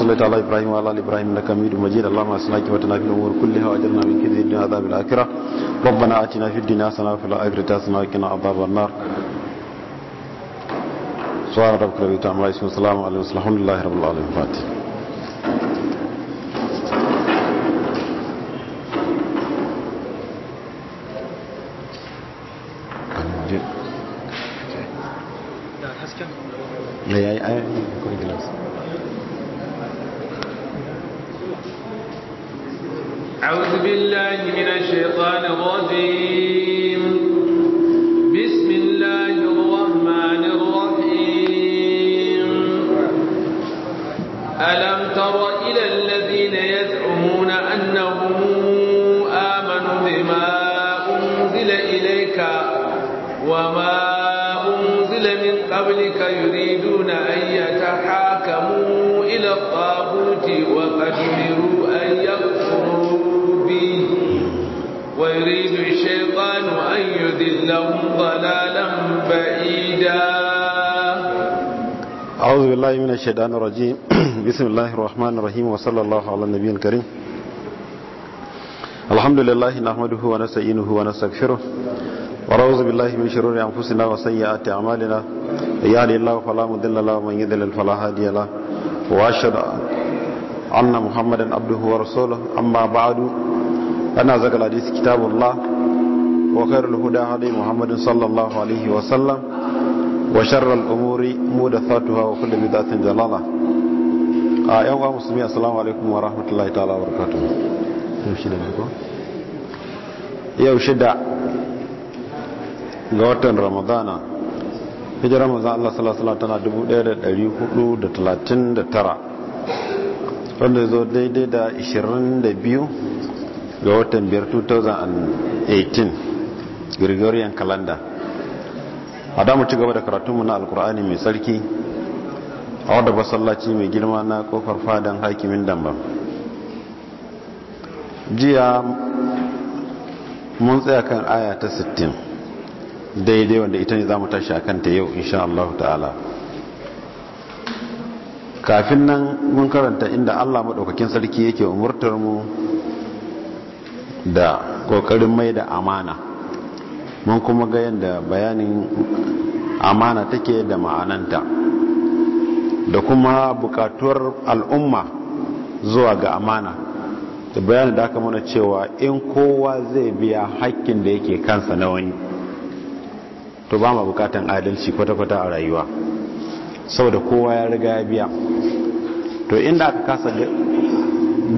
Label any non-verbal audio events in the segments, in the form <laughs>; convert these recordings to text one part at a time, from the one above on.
صليت على إبراهيم وعلى آل إبراهيم إنك حميد مجيد اللهم أصلحك وتنا في الأمور كلها وأجرنا من كذب الدنيا عذاب الآخرة ربنا آتنا في الدنيا حسنة وفي الآخرة حسنة وقنا عذاب النار سبحان ربك رب العزة عما يصفون وسلام على المرسلين والحمد لله رب العالمين فاتح الشيطان الرجيم بسم الله الرحمن الرحيم وصلى الله على النبي الكريم الحمد لله نحمده ونستعينه ونستغفره ونعوذ بالله من شرور انفسنا وسيئات اعمالنا من يهده الله فلا مضل له ومن يضلل فلا هادي له واشهد ان محمدا عبده ورسوله اما بعد انا ذكر الحديث كتاب الله وخير الهدى هدي محمد صلى الله عليه وسلم وشر الأمور مودثاتها وكل بدعة ضلالة أيها آه المسلمين السلام عليكم ورحمة الله تعالى وبركاته yau shida ga watan ramadana hijirar manzan Allah salasala tana 1439 wanda zo daidai da 22 ga watan biyar 2018 gregorian calendar a damu ci gaba da karatunmu na alkur'ani mai sarki a wadda masallaci mai girma na kofar fadan hakimin dambam jiya mun tsaya kan aya ta 60 daidai wanda ita ne za mu tashi a kanta yau insha Allah ta'ala kafin nan mun karanta inda Allah maɗaukakin sarki yake umurtar mu da ƙoƙarin mai da amana mun kuma ga yadda bayanin amana take da ma'ananta da kuma bukatuwar al'umma zuwa ga amana da bayanin da aka mana cewa in kowa zai biya hakkin da yake kansa na wani to ba ma bukatan adalci kwata-kwata a rayuwa saboda kowa ya riga ya biya to inda aka kasa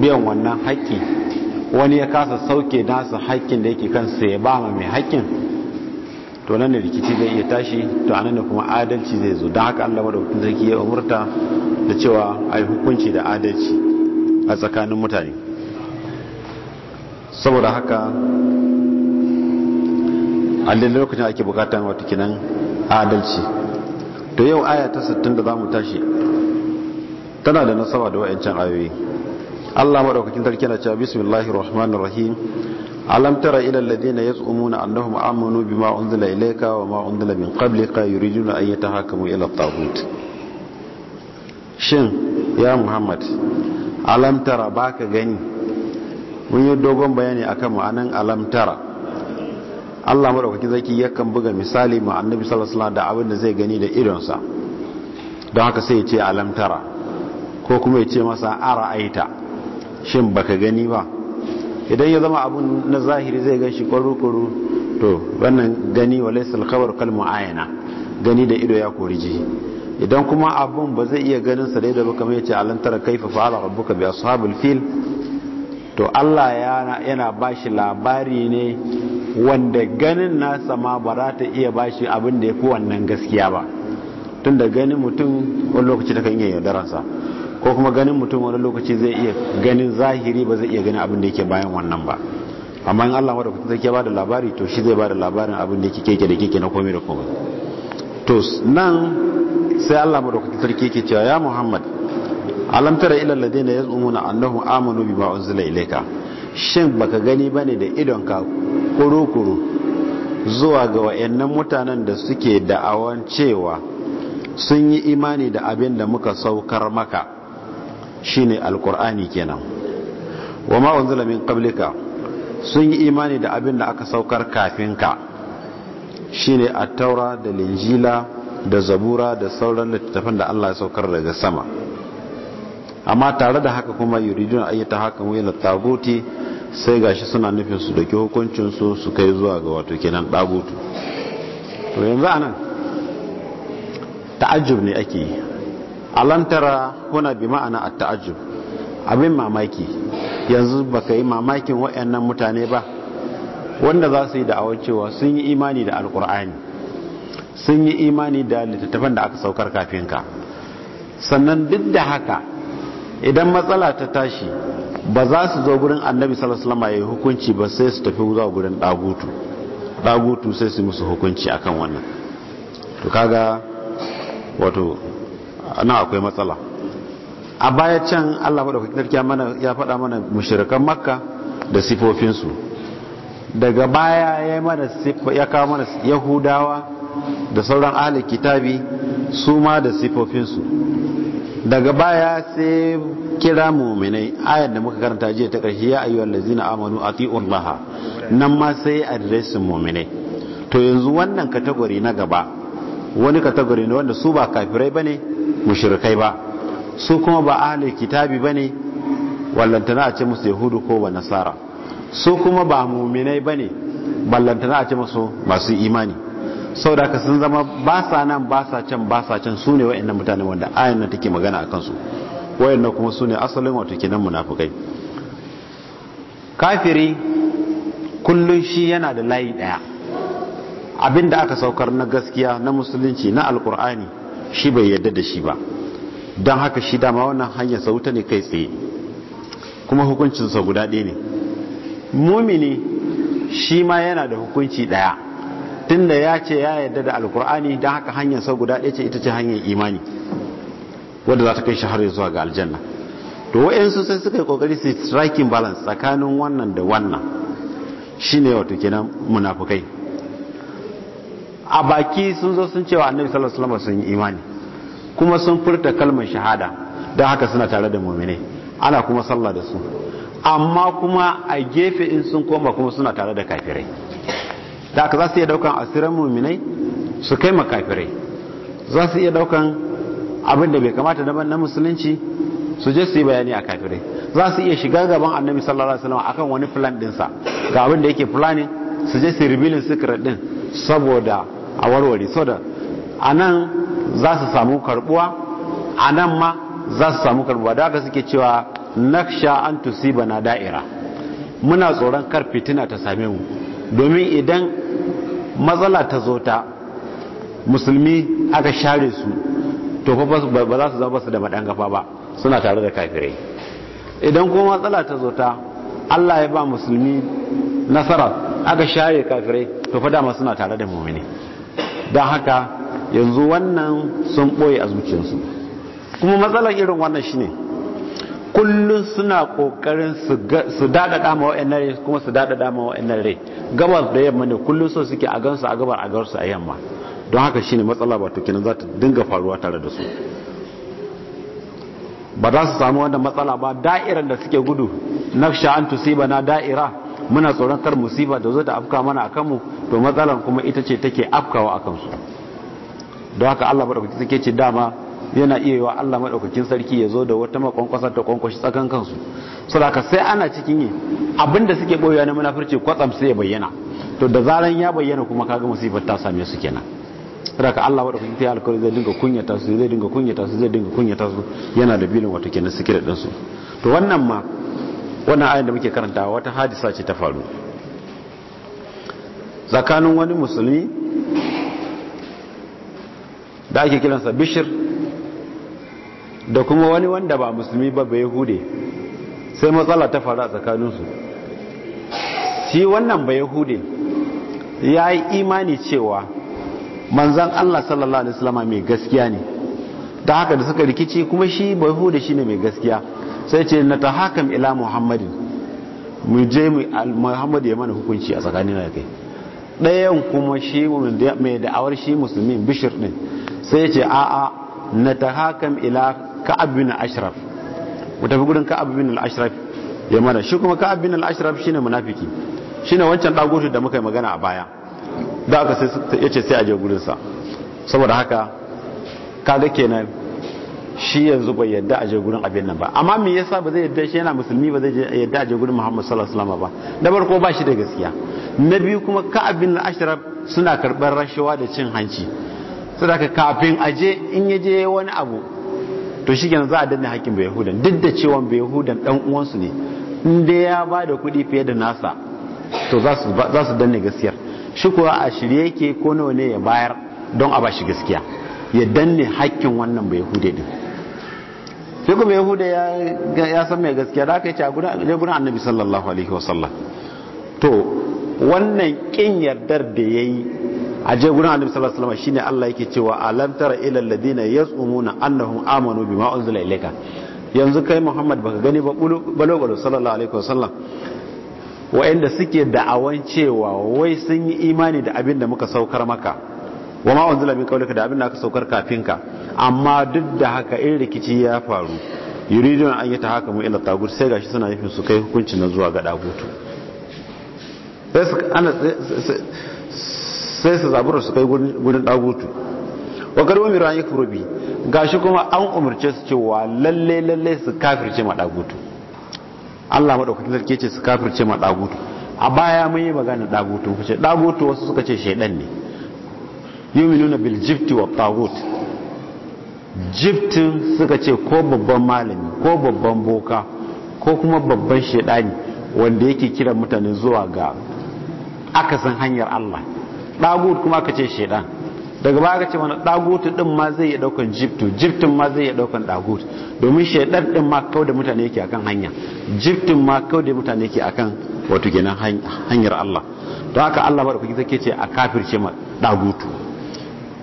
biyan wannan haƙƙi wani ya kasa sauke nasa haƙƙin da yake kansa ya ba ma mai hakkin to nan ne rikici zai iya tashi to anan ne kuma adalci zai zo don haka Allah madaukakin sarki ya umurta da cewa ai hukunci da adalci a tsakanin mutane saboda haka a lokacin ake bukatan wata kinan adalci to yau aya ta 60 da za mu tashi tana da nasaba da wa'ancan ayoyi Allah madaukakin sarki na cewa bismillahir rahmanir alam tara ila alladhina yaz'umuna annahum amanu bima unzila ilayka wa ma unzila min qablika yuriduna an yatahakamu ila at-taghut shin ya muhammad alam tara baka gani mun yi dogon bayani akan ma'anan alam tara Allah madaukaki zaki yakan buga misali ma annabi sallallahu alaihi wasallam da abin da zai gani da idonsa don haka sai ya ce alam tara ko kuma ya ce masa aita shin baka gani ba idan ya zama abun na zahiri zai gan shi kwaru-kwaru to wannan gani wa laisal kalmu ayana gani da ido ya kori ji idan kuma abun ba zai iya ganin sa da ba kamar yace ra kaifa fa'ala rabbuka bi ashabil fil to Allah yana bashi labari ne wanda ganin nasa ma ba za ta iya bashi abin da ya fi wannan gaskiya ba tunda ganin mutum wani lokaci ta kan yi yaudaransa ko kuma ganin mutum wani lokaci zai iya ganin zahiri ba zai iya ganin abin da yake bayan wannan ba amma in Allah madaukakin sarki ya bada labari to shi zai bada labarin abin da yake keke da keke na komai da komai to nan sai Allah madaukakin sarki yake cewa ya Muhammad alam tara ila alladheena yaz'umuna annahum amanu bima unzila ilayka shin baka gani bane da idon ka kuru zuwa ga wa'annan mutanen da suke da'awan cewa sun yi imani da abin da muka saukar maka shine alkur'ani kenan wa ma unzila min qablika sun yi imani da abin da aka saukar kafin ka shine at-taura da linjila da zabura da sauran littattafan da Allah ya saukar daga sama amma tare da haka kuma yuridun ta haka wani taguti sai gashi suna nufin su dauki hukuncin su su kai zuwa ga wato kenan tagutu to yanzu anan ta'ajjub ne ake alantara kuna bi ma'ana a taajjub abin mamaki yanzu baka yi mamakin wayannan mutane ba wanda za su yi da'awar cewa sun yi imani da alkur'ani sun yi imani da littattafan da aka saukar kafin ka sannan duk da haka idan matsala ta tashi ba za su zo gurin annabi salasalama ya yi hukunci ba sai su tafi zuwa gurin dagutu dagutu sai su musu hukunci akan wannan to kaga wato nan akwai matsala a baya can Allah ya faɗa mana mushrikan makka da sifofinsu daga baya ya mana kawo mana yahudawa da sauran ahli kitabi su ma da sifofinsu daga baya sai kira muminai ayar da muka karanta jiya ta ƙarshe ya ayyuhal zina amanu laha nan ma sai adresin muminai to yanzu wannan kategori na gaba wani kategori ne wanda su ba kafirai ba ne. mushirkai ba su kuma ba ahlul kitabi bane wallantana a ce musu yahudu ko wa nasara su kuma ba muminai bane wallantana a ce musu masu imani da ka sun zama ba sa nan ba sa can ba sa can su ne wa'annan mutane wanda ayan nan take magana a kansu wa'annan kuma su ne asalin wato kenan munafukai kafiri kullun shi yana da layi daya abinda aka saukar na gaskiya na musulunci na alkur'ani shi bai yadda da shi ba don haka shi dama wannan hanyar sauta ne kai tsaye kuma hukuncinsa guda ɗaya ne mumini shi ma yana da hukunci ɗaya da ya ce ya yarda da alkur'ani don haka hanyar sau guda ɗaya ce ita ce hanyar imani wadda za ta kai shi zuwa ga aljanna to wa'yansu sai suka yi kokari su striking balance tsakanin wannan da wannan shine wato kenan munafukai a baki sun zo sun cewa annabi sallallahu alaihi wasallam sun yi imani kuma sun furta kalmar shahada don haka suna tare da mu'mine ana kuma sallah da su amma kuma a gefe in sun koma kuma suna tare da kafirai da haka za su iya daukan asirin mu'minai su kai ma kafirai za su iya daukan abin da bai kamata daban na musulunci su je su yi bayani a kafirai za su iya shiga gaban annabi sallallahu alaihi wasallam akan wani plan dinsa ga abin da yake planning su je su revealing secret din saboda a warware so da a nan za su samu karbuwa a nan ma za su samu karbuwa da aka suke cewa naksha an tusiba na da'ira muna tsoron kar fitina ta same mu domin idan matsala ta zo ta musulmi aka share su to ba za su zama su da gafa ba suna tare da kafirai idan kuma matsala ta zo ta Allah ya ba musulmi nasara aka share kafirai to fa dama suna tare da mu'mini don haka yanzu wannan sun ɓoye a zuciyarsu kuma matsalar irin wannan shine kullum suna ƙoƙarin su daɗa ma wa'annan rai kuma su daɗa ma wa'annan rai gabas da yamma ne kullum so suke a gansu a gabar a su a yamma don haka shine matsala ba tukinan za ta dinga faruwa tare da su ba za su samu wannan matsala ba da'irar da suke gudu na nafsha an ba na da'ira muna tsoron kar musiba da zo ta afka mana a kanmu to matsalar kuma ita ce take afkawa a kansu don haka Allah madaukakin sarki ce dama yana iya yiwa Allah madaukakin sarki ya zo da wata makonkwasa ta kwankwashi tsakan kansu saboda sai ana cikin yi abinda suke boyewa na munafurci kwatsam sai ya bayyana to da zaran ya bayyana kuma kaga musibar ta same su kenan saboda Allah madaukakin ta alƙawari zai dinga kunyata su zai dinga kunyata su zai dinga kunyata su yana da bilin wato kenan suke da su to wannan ma wannan ayin da muke karanta wata hadisa ce ta faru tsakanin wani musulmi da ake kiransa bishir da kuma wani wanda ba musulmi ba bai hude sai matsala ta faru a tsakaninsu shi wannan bai hude ya yi imani cewa manzan Allah sallallahu Alaihi wasallama mai gaskiya ne ta haka da suka rikici kuma shi bai hude shi ne mai gaskiya sai ce na ta hakan ila muhammadin mu je muhammadu ya mana hukunci a tsakanin da kai ɗayan kuma shi mai da'awar shi musulmi bishir ɗin sai ce a'a na ta hakan ila ka'abin al ashraf mu tafi gudun ka'abin al ashraf ya mana shi kuma ka'abin al ashraf shine munafiki shine wancan dagoshi da muka yi magana a baya da aka sai ya ce sai a je gudunsa saboda haka kaga kenan shi yanzu bai yadda a abin nan ba amma me yasa ba zai yadda shi yana musulmi ba zai yadda a je gurin Muhammad sallallahu alaihi ba na farko ba shi da gaskiya na biyu kuma ka abin ashraf suna karbar rashawa da cin hanci saboda kafin aje in yaje wani abu to shi yanzu za a danne hakkin bai yahudan duk da cewa bai yahudan dan uwansu ne in da ya ba da kuɗi fiye da nasa to za su danne gaskiyar shi kuwa a shirye yake ko nawa ne ya bayar don a ba shi gaskiya ya danne hakkin wannan bai hudu. din sai kuma yahuda ya san mai gaskiya da aka yi ya guna annabi sallallahu alaihi wasallam to wannan kin yardar da ya yi a je guna annabi sallallahu alaihi wasallam shine Allah yake cewa alam tara ila alladhina yasumuna annahum amanu bima unzila ilayka yanzu kai Muhammad baka gani ba balogalo sallallahu alaihi wasallam wa'anda suke da'awan cewa wai sun yi imani da abin da muka saukar maka wa ma unzila min qablika da abin da aka saukar kafin ka amma duk da haka in rikici ya faru yuridun an yi mu ila tagut sai gashi suna nufin su kai hukuncin na zuwa ga dagutu sai su zabura su kai gudun dagutu wa karbo miro an yi kurubi gashi kuma an umarce su cewa lalle lalle su kafirce ma dagutu Allah maɗaukacin sarki ce su kafirce ma dagutu a baya mun yi magana dagutu ce dagutu wasu suka ce shaidan ne yuminuna bil jibti wa tagut jibtin suka ce ko babban malami ko babban boka ko kuma babban shaidani wanda yake kira mutane zuwa ga akasan hanyar Allah dagut kuma aka ce shaidan daga ba aka ce wani dagutu din ma zai iya daukan jibtu jibtin ma zai iya daukan dagut domin shedan din ma kawai da mutane yake akan hanya jibtin ma kawai da mutane yake akan wato kenan hanyar Allah don haka Allah ba da kuke ce a kafirce ma dagutu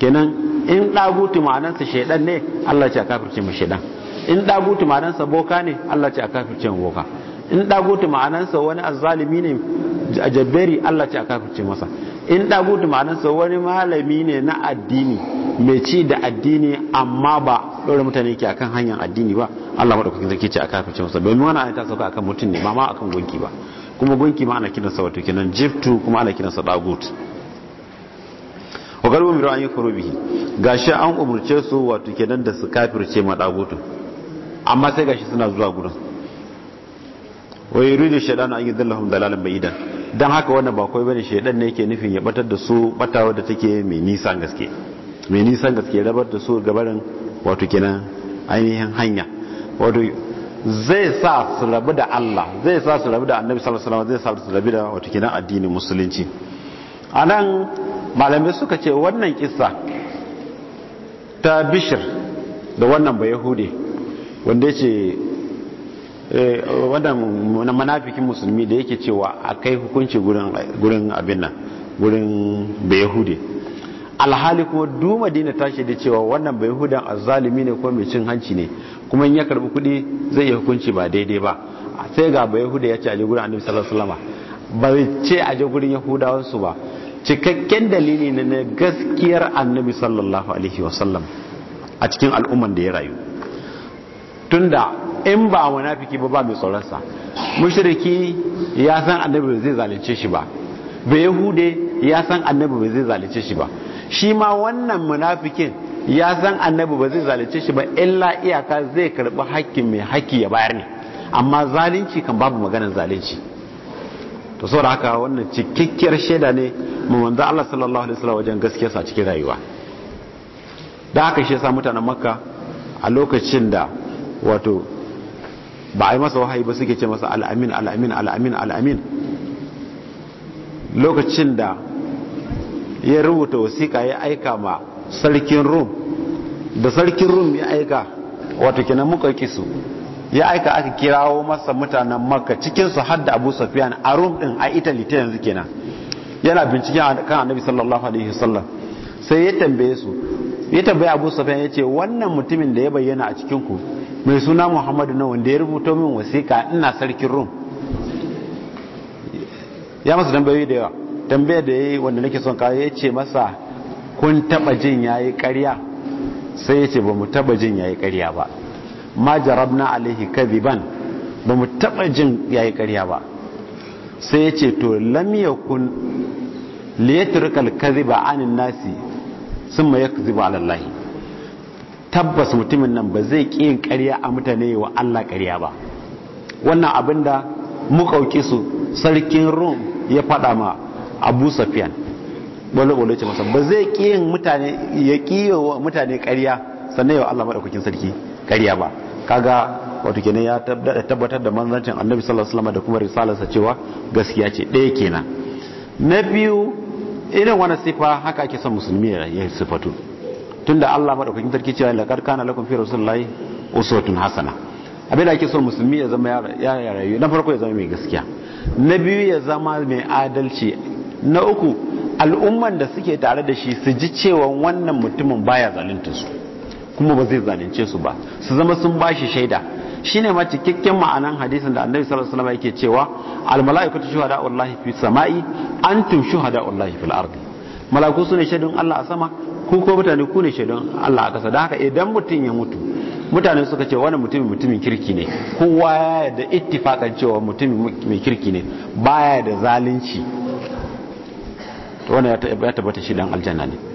kenan in dagutu ma'anarsa shaidan ne Allah ce a kafirce mu shaidan in dagutu ma'anarsa boka ne Allah ce a kafirce mu boka in dagutu ma'anarsa wani azzalimi ne a jabberi Allah ce a kafirce masa in dagutu ma'anarsa wani malami ne na addini mai ci da addini amma ba dore mutane ke akan hanyar addini ba Allah madaukakin zaki ce a kafirce masa domin wani ayata sauka akan mutum ne ba ma akan gunki ba kuma gunki ma ana kiransa wato kenan jiftu kuma ana kiransa dagut wa garbu miro an yi furu bihi shi an umarce su wato kenan da su kafirce ma dagutu amma sai gashi suna zuwa gurin wa yuridu shaytanu an dalalin bai idan dan haka wannan ba kawai bane shaytan ne yake nufin ya batar da su batawa da take mai nisan gaske mai nisan gaske rabar da su gabarin wato kenan ainihin hanya wato zai sa su rabu da Allah zai sa su rabu da Annabi sallallahu alaihi wasallam zai sa su rabu da wato kenan addinin musulunci anan malamai suka ce wannan kisa ta bishir da wannan ba yahudi wanda ya ce eh, wannan manafikin musulmi da yake cewa a kai hukunci gurin abin nan gurin ba yahudi alhali kuma duma dina tashi da cewa wannan ba yahudan azalimi ne ko mai cin hanci ne kuma in ya karbi kuɗi zai yi hukunci ba daidai ba sai ga ba yahuda ya ce a je gurin annabi sallallahu alaihi wasallam ba zai ce a je gurin yahudawansu ba cikakken dalili ne na gaskiyar annabi sallallahu alaihi wasallam a cikin al'umman da ya rayu tunda in ba munafiki ba ba mai tsoronsa mushriki ya san annabi ba zai zalunce shi ba bai yahude ya san annabi ba zai zalunce shi ba shi ma wannan munafikin ya san annabi ba zai zalunce shi ba illa iyaka zai karɓi hakkin mai hakki ya bayar ne amma zalunci kan babu maganar zalunci to saboda haka wannan cikakkiyar shaida ne mu manzo Allah sallallahu alaihi wasallam wajen gaskiyar sa cikin rayuwa da haka shi yasa mutanen makka a lokacin da wato ba a yi masa wahayi ba suke ce masa al'amin al'amin al'amin al'amin lokacin da ya rubuta wasiƙa ya aika ma sarkin rum da sarkin rum ya aika wato kenan muka kisu ya aika aka kirawo masa mutanen makka cikinsu har da abu safiyan a rum din a italy ta yanzu kenan yana binciken kan annabi sallallahu alaihi wasallam sai ya tambaye su ya tambaye abu safiyan ya ce wannan mutumin da ya bayyana a cikin ku mai suna muhammadu na wanda ya rubuto min wasiƙa ina sarkin rum ya masa tambayoyi da yawa tambayar da ya yi wanda nake son kawo ya ce masa kun taba jin ya yi ƙarya sai ya ce ba mu taba jin ya yi ƙarya ba ma jarabna alaihi kadiban ba mu taba jin yayi ƙarya ba sai ya ce to lam yakun liyatrukal kadiba anin nasi summa yakdhibu ala allahi tabbas mutumin nan ba zai ƙi yin ƙarya a mutane wa Allah ƙarya ba wannan abinda mukauki su sarkin Rum ya faɗa ma Abu Safiyan wani wani ce masa ba zai ƙi yin mutane ya ƙi wa mutane ƙarya sannan yawa Allah maɗaukakin sarki karya ba kaga wato kenan ya tabbatar da manzancin annabi sallallahu alaihi wasallam da kuma risalarsa cewa gaskiya ce ɗaya kenan na biyu irin wani sifa haka ake son musulmi ya sifatu tunda Allah madaukakin sarki cewa laqad kana lakum fi rasulillahi uswatun hasana abin da ake son musulmi ya zama ya rayu na farko ya zama mai gaskiya na biyu ya zama mai adalci na uku al'umman da suke tare da shi su ji cewa wannan mutumin baya zalunta su kuma ba zai zalunce su ba su zama sun bashi shaida shine ma cikakken ma'anan hadisin da annabi sallallahu alaihi wasallam yake cewa al malaikatu shuhada wallahi fi samai antum shuhada wallahi fil ardi malaiku sune shaidun Allah a sama ku ko mutane ku ne shaidun Allah a kasa da haka idan mutum ya mutu mutane suka ce wani mutumin mutumin kirki ne kowa ya yarda ittifakan cewa mutumin mai kirki ne baya da zalunci wannan ya tabbata shi dan aljanna ne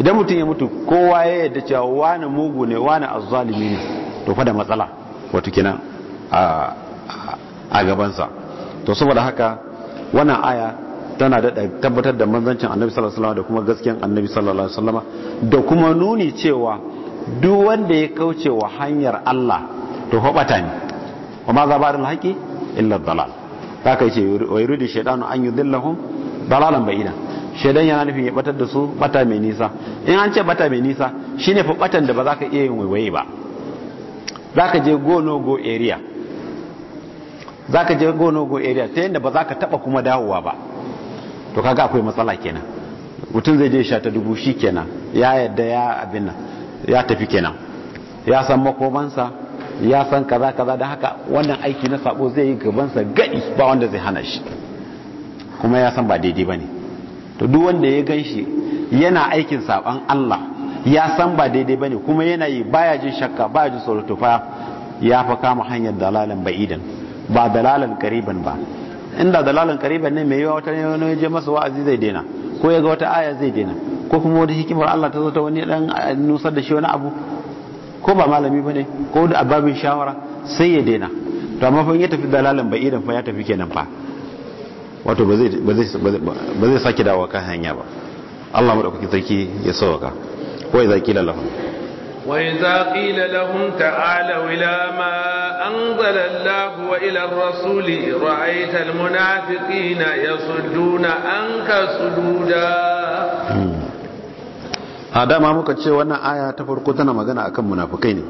idan mutum ya mutu kowa ya yadda cewa wani mugu ne wani azzalimi ne to fada matsala wato kenan a gabansa to saboda haka wannan aya tana da tabbatar da manzancin annabi sallallahu alaihi da kuma gaskiyan annabi sallallahu alaihi da kuma nuni cewa duk wanda ya kauce wa hanyar Allah to hobata ne wa ma zabarul haqi illa dalal haka ce wa yuridu shaytanu an yudillahum dalalan bayina shaidan yana nufin ya batar da su bata mai nisa in an ce bata mai nisa shine fa batan da ba za ka iya yin waiwaye ba za ka je go no go area za ka je go no go area ta yadda ba za ka taba kuma dawowa ba to kaga akwai matsala kenan mutum zai je sha ta dubu shi kenan ya yadda ya abin nan ya tafi kenan ya san makomansa ya san kaza kaza da haka wannan aiki na sabo zai yi gabansa gadi ba wanda zai hana shi kuma ya san ba daidai ba ne to duk wanda ya gan shi yana aikin saban Allah ya san ba daidai bane kuma yana yi baya jin shakka baya jin tsoro ya fa kama hanyar dalalan ba'idan ba dalalan kariban ba inda dalalan kariban ne mai yawa wata ne ya je masa wa'azi zai daina ko ya ga wata aya zai daina ko kuma wani hikimar Allah ta zo ta wani dan nusar da shi wani abu ko ba malami bane ko da ababin shawara sai ya daina to amma fa ya tafi dalalan ba'idan fa ya tafi kenan fa wato ba zai sake dawa kan hanya ba Allah dauki sarki ya sauka wa idza qila lahum wa idza qila lahum ta'ala ila ma anzala Allah wa ila ar-rasul ra'aita al-munafiqina yasudduna anka sududa hmm. a dama muka ce wannan aya ta farko tana magana akan munafikai ne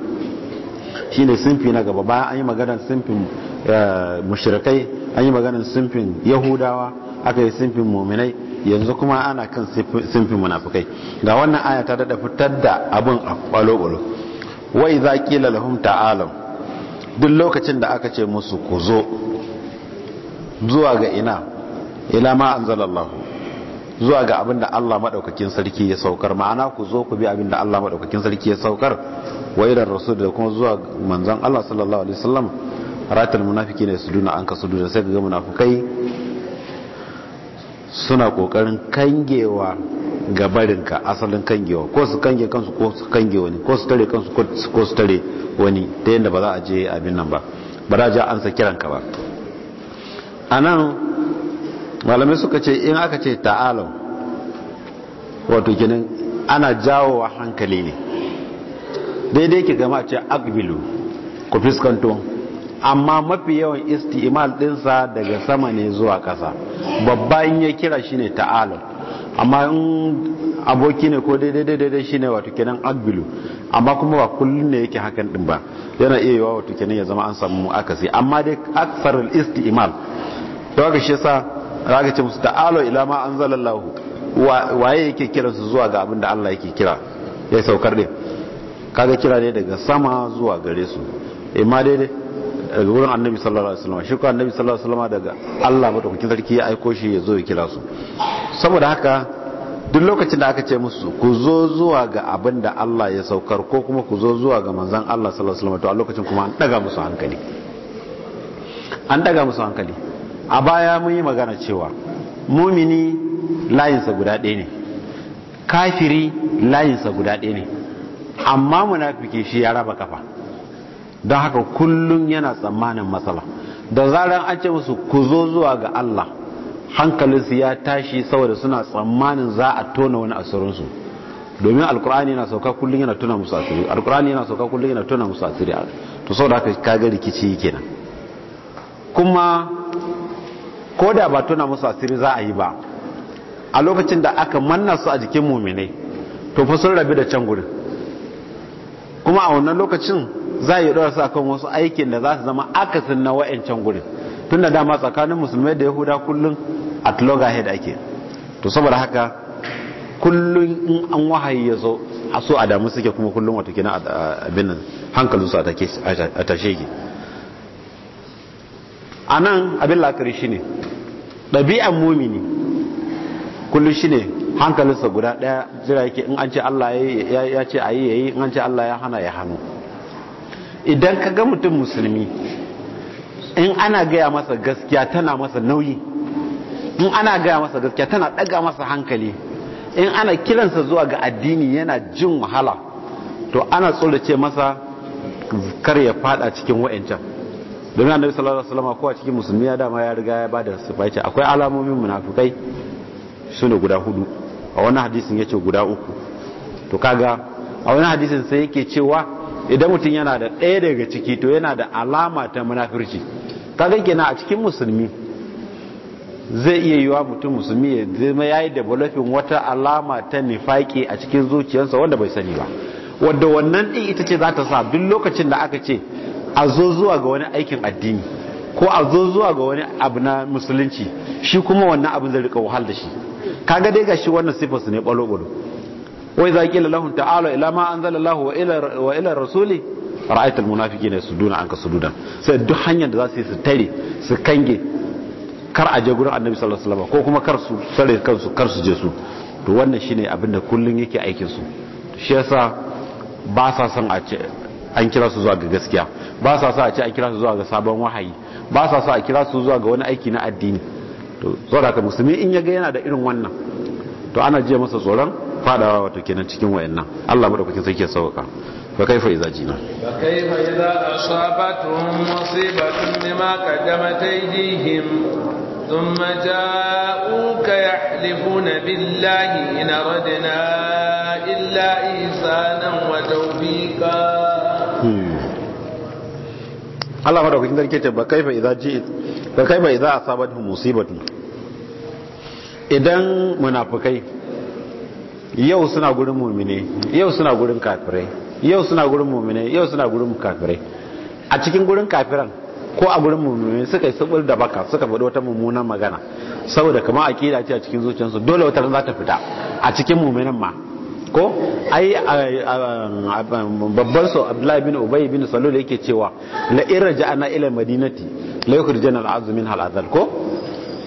shine simfi na gaba bayan an yi maganar simfin eh, mushrikai an yi maganar simfin yahudawa aka yi simfin muminai yanzu kuma ana kan simfin munafukai ga wannan aya ta dada fitar da abin a kwalo-kwalo wai za kila lahum ta'alam duk lokacin da aka ce musu ku zo zuwa ga ina ila ma anzalallahu zuwa ga abin da Allah madaukakin sarki ya saukar ma'ana ku zo ku bi abin da Allah madaukakin sarki ya saukar wai da rasul da kuma zuwa manzon Allah sallallahu alaihi wasallam ratal munafiki ne su duna an ka su duna sai ga munafukai suna kokarin kangewa ga barinka asalin kangewa ko su kange kansu ko su kange wani ko su tare kansu ko su tare wani ta yadda ba za a je abin nan ba ba za a ja kiran kiranka ba a nan malamai suka ce in aka ce ta'alau wato ginin ana jawo wa hankali ne daidai ke gama ce agbilu ku fuskanto amma mafi yawan istimal dinsa daga sama ne zuwa kasa babban ya kira shi ne ta'alau amma in aboki ne ko daidai daidai shi ne wato kenan agbilu amma kuma ba kullum ne yake hakan din ba yana iya yi wa wato kenan ya zama an samu akasi amma dai aksarul istimal ta waka shi yasa zaka ce musu ta'alo ila ma zalallahu waye yake kira su zuwa ga abin da Allah yake kira ya saukar ne kaga kira ne daga sama zuwa gare su imma eh, daidai daga wurin annabi sallallahu alaihi wasallam shi ko annabi sallallahu alaihi wasallam daga Allah madaukakin sarki ya aiko shi ya zo ya kira su saboda haka duk lokacin da aka ce musu ku zo zuwa ga abin da Allah ya saukar ko kuma ku zo zuwa ga manzon Allah sallallahu alaihi wasallam to a lokacin kuma an daga musu hankali an daga musu hankali a baya mun yi magana cewa mumini layinsa guda ɗaya ne kafiri layinsa guda ɗaya ne amma munafiki shi ya raba kafa don haka kullum yana tsammanin matsala da zarar an ce musu ku zo zuwa ga Allah hankalinsu ya tashi saboda suna tsammanin za a tona wani asirinsu domin alkur'ani yana sauka kullum yana tona musu asiri alkur'ani yana sauka kullum yana tona musu asiri to saboda haka kaga rikici kenan kuma ko da ba tuna musu asiri za a yi ba a lokacin da aka manna su a jikin muminai to fa sun rabi da can gurin kuma a wannan lokacin za a yi ɗora su akan wasu aikin da za su zama akasin na can gurin tun da dama tsakanin musulmai da yahuda kullum a at head ake to saboda haka kullum in an wahayi ya zo a so a damu suke kuma kullum wata kina abin nan hankalinsu a tashe ki a nan abin lakari shi ne ɗabi'an mumini kullum shi ne hankalinsa guda ɗaya jira yake in an ce Allah ya ce a yi ya yi in an ce Allah ya hana ya hannu idan ka ga mutum musulmi in ana gaya masa gaskiya tana masa nauyi in ana gaya masa gaskiya tana ɗaga masa hankali in ana kiransa zuwa ga addini yana jin wahala to ana tsorace masa kar ya fada cikin wa'ancan domin annabi sallallahu alaihi wasallam ko a cikin musulmi ya dama ya riga ya bada sifa yace akwai alamomin munafikai sune guda hudu a wannan hadisin yace guda uku to kaga a wannan hadisin sai yake cewa idan mutum yana da ɗaya daga ciki to yana da alama ta munafirci kaga kenan a cikin musulmi zai iya yiwa mutum musulmi ya zama yayi developing wata alama ta nifaƙi a cikin zuciyarsa wanda bai sani ba wanda wannan din ita ce za ta sa duk lokacin da aka ce a zo zuwa ga wani aikin addini ko a zo zuwa ga wani abu na musulunci shi kuma wannan abin zai rika wahal da shi kaga dai gashi wannan sifar su ne balo balo wai za kila lahun ta'ala ila ma an zala lahu wa ila munafiki ne su duna an ka su duna sai duk hanyar da za su yi su tare su kange kar a je gurin annabi sallallahu alaihi wasallam ko kuma kar su sare kansu kar su je su to wannan shine abin da kullun yake aikin su shi yasa ba sa son a ce an kira su zuwa ga gaskiya ba sa sa a ce an kira su zuwa ga sabon wahayi ba sa sa a kira su zuwa ga wani aiki na addini to saboda ka musulmi in yaga yana da irin wannan to ana je masa tsoron fadawa wato kenan cikin wayannan Allah mu madaukakin sarki ya sauka fa kaifa iza jina fa kaifa iza asabatuhum musibatun bima qaddamat aydihim thumma ثم yahlifuna billahi in radna illa ihsanan wa tawfiqan Allah madaukakin sarki ce ba kai ba iza a kaifa idza musibatu idan munafukai yau suna gurin mu'mine yau suna gurin kafirai yau suna gurin mu'mine yau suna gurin kafirai a cikin gurin kafiran ko a gurin mu'mine suka yi subul da baka suka faɗi wata mummunan magana saboda kamar akida ce a cikin zuciyarsu dole wata za ta fita a cikin mummunan ma ko ai babban so abdullahi bin ubay bin salul yake cewa la irja ana ila madinati la yukhrijana al'azm min halazal ko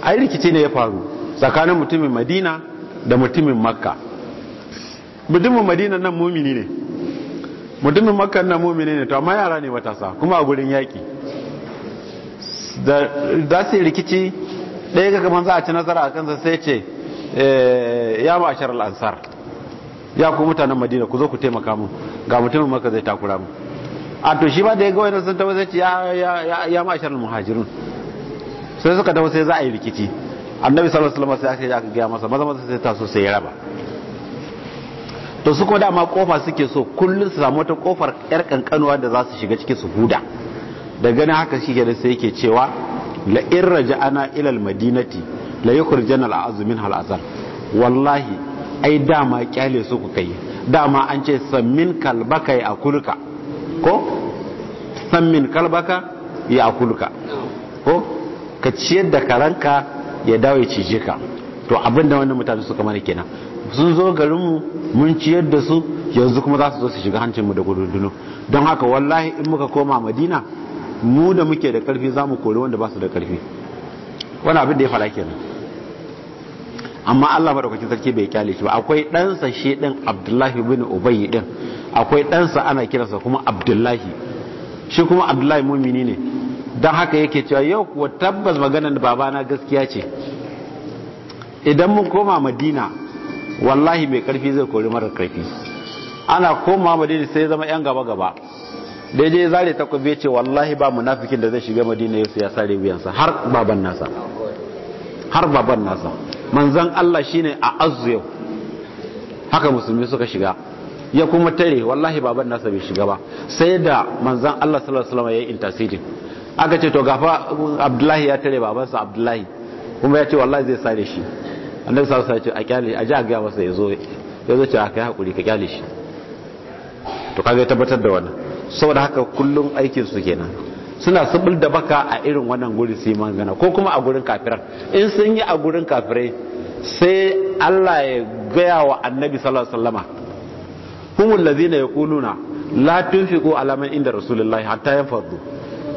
ai rikici ne ya faru tsakanin mutumin madina da mutumin makka mutumin madina nan mumini ne mutumin makka nan mumini ne to amma yara ne matasa kuma a gurin yaki da za su rikici ɗaya ga kamar za a ci nasara a kansa sai ce eh, ya ma'ashar al'ansar ya ku mutanen madina ku zo ku taimaka mu ga mutumin maka zai takura mu a to shi ba da ya ga wani sun tabbatar ce ya ya ya ma'asharul muhajirun sai suka dawo sai za a yi rikici annabi sallallahu alaihi wasallam sai aka gaya masa maza maza sai taso sai ya raba to su kuma dama kofa suke so kullun su samu wata kofar yar kankanuwa da za su shiga cikin su huda da ganin haka shi ke sai yake cewa la in raja'ana ila al-madinati la yukhrijana al-azmin hal azar wallahi ai dama kyale su ku kai dama an ce sammin kalbaka ya kulka ko sammin kalbaka ya kulka ko ka ciyar da karanka ya dawo ya cije ka to abinda wannan mutane suka mana kenan sun zo garinmu mun ciyar da su yanzu kuma za su zo su shiga hancinmu da gudundunu don haka wallahi in muka koma madina mu da muke da karfi za mu kori wanda ba su da karfi wani abin da ya fara kenan amma Allah madaukakin sarki bai kyale shi ba akwai ɗansa shi ɗin Abdullahi bin Ubay ɗin akwai ɗansa ana kiransa kuma Abdullahi shi kuma Abdullahi mumini ne don haka yake cewa yau kuwa tabbas maganar babana gaskiya ce idan mun koma Madina wallahi mai karfi zai kori mara karfi ana koma Madina sai zama yan gaba gaba daidai zare ta takobi ce wallahi ba munafikin da zai shiga Madina yau sai ya sare wuyansa har baban nasa har baban nasa manzan Allah shine a azu yau haka musulmi suka shiga ya kuma tare wallahi baban nasa bai shiga ba sai da manzan Allah sallallahu alaihi wasallam ya yi interceding aka ce to gafa Abdullahi ya tare babansa Abdullahi kuma ya ce wallahi zai sare shi annabi sallallahu alaihi wasallam ya ce a kyale a ji a ga masa yazo yazo ce a kai hakuri ka kyale shi to kaga ya tabbatar da wannan saboda haka kullum aikin su kenan suna sabul da baka a irin wannan guri su yi magana ko kuma a gurin kafiran in sun yi a gurin kafirai sai Allah ya gaya wa annabi sallallahu alaihi wasallama humul ladina yaquluna la tunfiqu ala man inda rasulullahi hatta yanfadu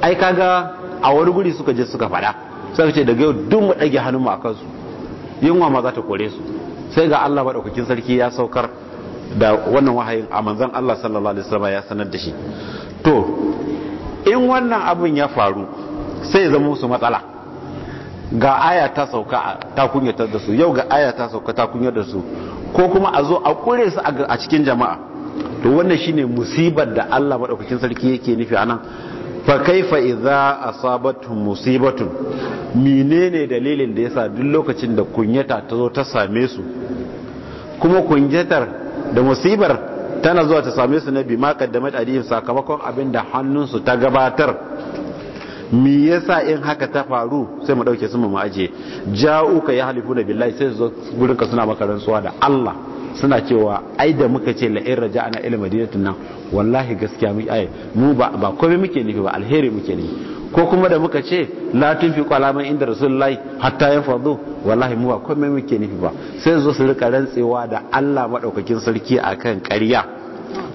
ai kaga a wani guri suka je suka fada sai ce daga yau duk mu dage hannun mu akan su yunwa ma za ta kore su sai ga Allah madaukakin sarki ya saukar da wannan wahayin a manzon Allah sallallahu alaihi wasallama ya sanar da shi to in wannan abin ya faru sai zama su matsala ga aya ta sauka ta kunyata da su yau ga aya ta sauka ta kunyatar da su ko kuma a zo a kure su a cikin jama'a to wannan shine musibar da Allah madaukakin sarki yake nufi anan fa kaifa idza asabatuhum musibatun menene dalilin da yasa duk lokacin da kunyata ta zo ta same su kuma kunyatar da musibar tana zuwa ta same su nabi ma kaddamat adihim sakamakon abin da hannunsu ta gabatar me yasa in haka ta faru sai mu dauke su mu ka ja'uka ya na billahi sai su zo gurin ka suna maka rantsuwa da Allah suna cewa ai da muka ce la in raja'ana ila madinatin nan wallahi gaskiya mu ai ba ba komai muke nufi ba alheri muke nufi ko kuma da muka ce la tunfi ala inda rasulullahi hatta ya yafadu wallahi mu ba komai muke nufi ba sai zo su rika rantsewa da Allah madaukakin sarki akan ƙarya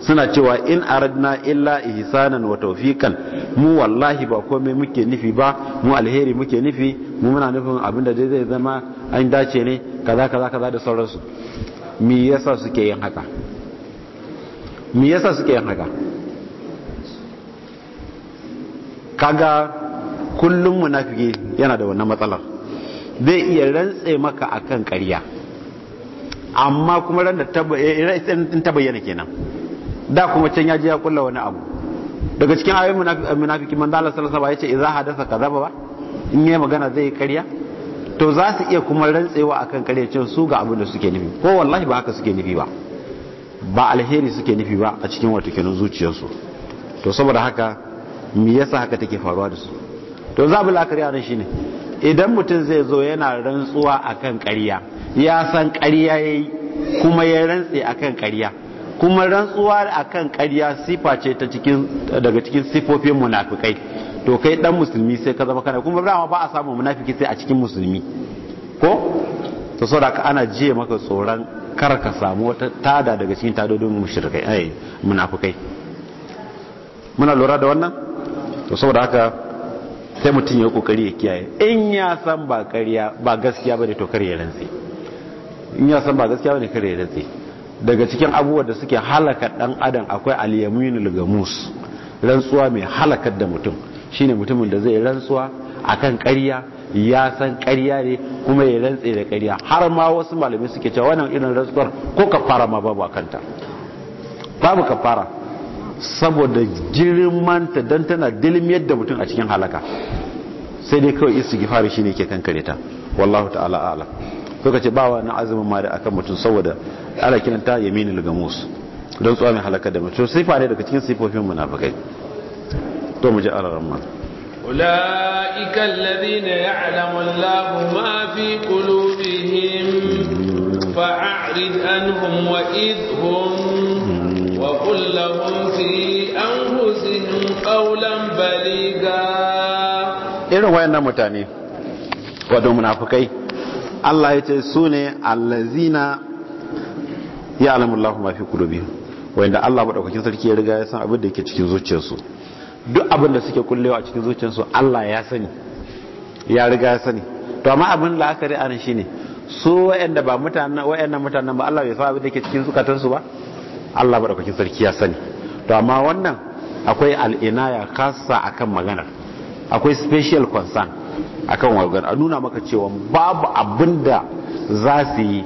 suna cewa in aradna illa ihsanan wa tawfiqan mu wallahi ba komai muke nufi ba mu alheri muke nufi mu muna nufin abin da zai zama an dace ne kaza kaza kaza da sauransu me yasa suke yin haka me yasa suke yin haka kaga kullum munafiki yana da wannan matsalar zai iya rantse maka akan ƙarya amma kuma ran da ta eh, bayyana kenan da kuma can ya je ya kulla wani abu daga cikin ayoyin eh, munafiki manzo Allah sallallahu alaihi wasallam ce idza hadasa kadaba ba in yayi magana zai yi ƙarya to za su iya kuma rantsewa akan ƙarya cewa su ga abin da suke nufi ko wallahi ba haka suke nufi ba ba alheri suke nufi ba a cikin wato kenan zuciyarsu to saboda haka me yasa haka take faruwa da su to za mu la'akari ran shi shine idan mutum zai zo yana rantsuwa akan ƙarya ya san ƙarya yayi kuma ya rantse akan ƙarya kuma rantsuwa akan ƙarya sifa ce ta cikin daga cikin sifofin munafikai to kai dan musulmi sai ka zama kana kuma ba ba a samu munafiki sai a cikin musulmi ko to saboda ka ana jiye maka tsoron kar ka samu wata tada daga cikin tadodin mushrikai ai munafikai muna lura da wannan to saboda haka sai mutum ya kokari ya kiyaye in ya san ba kariya ba gaskiya bane to kar rantsi in ya san ba gaskiya bane kariya rantsi daga cikin abubuwan da suke halaka dan adam akwai al-yaminul gamus rantsuwa mai halakar da mutum shine mutumin da zai rantsuwa akan ƙarya ya san ƙarya ne kuma ya rantse da ƙarya har ma wasu malamai suke cewa wannan irin rantsuwar ko kafara ma babu kanta babu kafara saboda ta don tana dilmiyar da mutum a cikin halaka sai dai kawai istighfar shi ne ke kankare ta wallahu ta'ala a'lam ka ce ba na azumin ma da akan mutum saboda ana kiranta yaminul gamus don tsuwa mai halaka da mutum sai fara daga cikin sifofin bakai to mu ji alarar man الذين يعلم الله وقل لهم في أنفسهم قولا بليغا irin wayannan mutane wato munafukai Allah ya ce su ne allazina ya alamullahu ma fi qulubihim wanda Allah daukakin sarki ya riga ya san abin da yake cikin zuciyarsu duk abin da suke kullewa a cikin zuciyarsu Allah ya sani ya riga ya sani to amma abin la'akari anan shine su wayanda ba mutanen mutanen ba Allah bai san abin da yake cikin zukatansu ba Allah maɗaukakin sarki ya sani to amma wannan akwai al'inaya kasa akan maganar akwai special concern akan wagan a nuna maka cewa babu abin da za su yi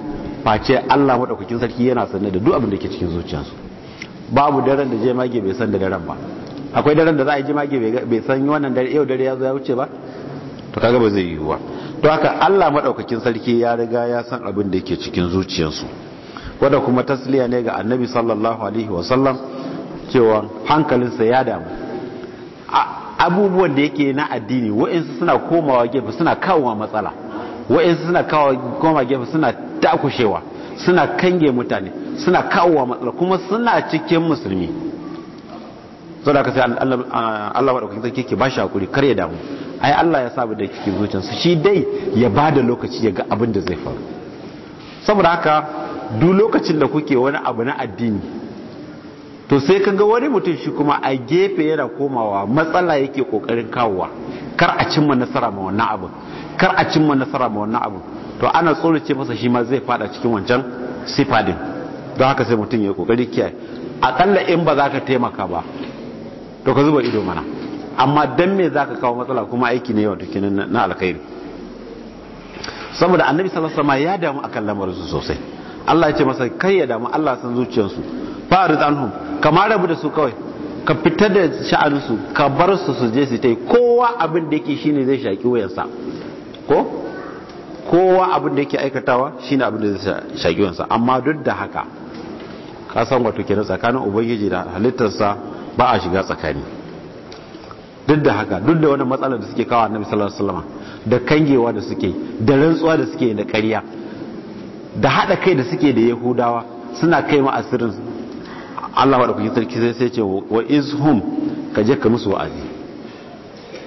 face Allah maɗaukakin sarki yana sanar da duk abin da ke cikin zuciyarsu babu daren da jemage bai san da daren ba akwai daren da za a yi jemage bai san wannan dare yau dare ya zo ya wuce ba to kaga ba zai yiwu ba to haka Allah madaukakin sarki ya riga ya san abin da yake cikin zuciyarsu wadda kuma tasliya ne ga annabi sallallahu alaihi wasallam cewa hankalinsa ya damu abubuwan da yake na addini wa'insu suna komawa gefe suna kawowa matsala wa'insu suna komawa gefe suna takushewa suna kange mutane suna kawowa matsala kuma suna cikin musulmi saboda ka sai Allah maɗaukakin sarki ke ba shi hakuri kar ya damu ai Allah ya sabu da kike zuciyarsa shi dai ya ba da lokaci ya ga abin da zai faru saboda haka duk lokacin da kuke wani abu na addini to sai ka ga wani mutum shi kuma a gefe yana komawa matsala yake kokarin kawowa kar a cimma nasara ma wannan abu kar a cimma nasara ma wannan abu to ana tsorace masa shi ma zai fada cikin wancan sifadin don haka sai mutum ya kokari kiyaye akalla in ba za ka taimaka ba to ka zuba ido mana amma dan me za ka kawo matsala kuma aiki ne yawa tukinan na alkhairi saboda annabi sallallahu alaihi wasallam ya damu akan lamarin sosai Allah ya ce masa kai ya damu Allah san zuciyarsu fa'arid anhum kama rabu da su kawai ka fitar da sha'aninsu ka bar su su je su tai kowa abin da yake shine zai shaki wayansa ko kowa abin da yake aikatawa shine abin da zai shaki wayansa amma duk da haka ka san wato kenan tsakanin ubangiji da halittarsa ba a shiga tsakani duk da haka duk da wani matsalar da suke kawo annabi sallallahu alaihi wasallam da kangewa da suke da rantsuwa da suke da ƙarya da haɗa kai da suke da yahudawa suna kai ma asirin Allah wa ɗaukaki sarki sai sai ce wa izhum ka je ka musu wa'azi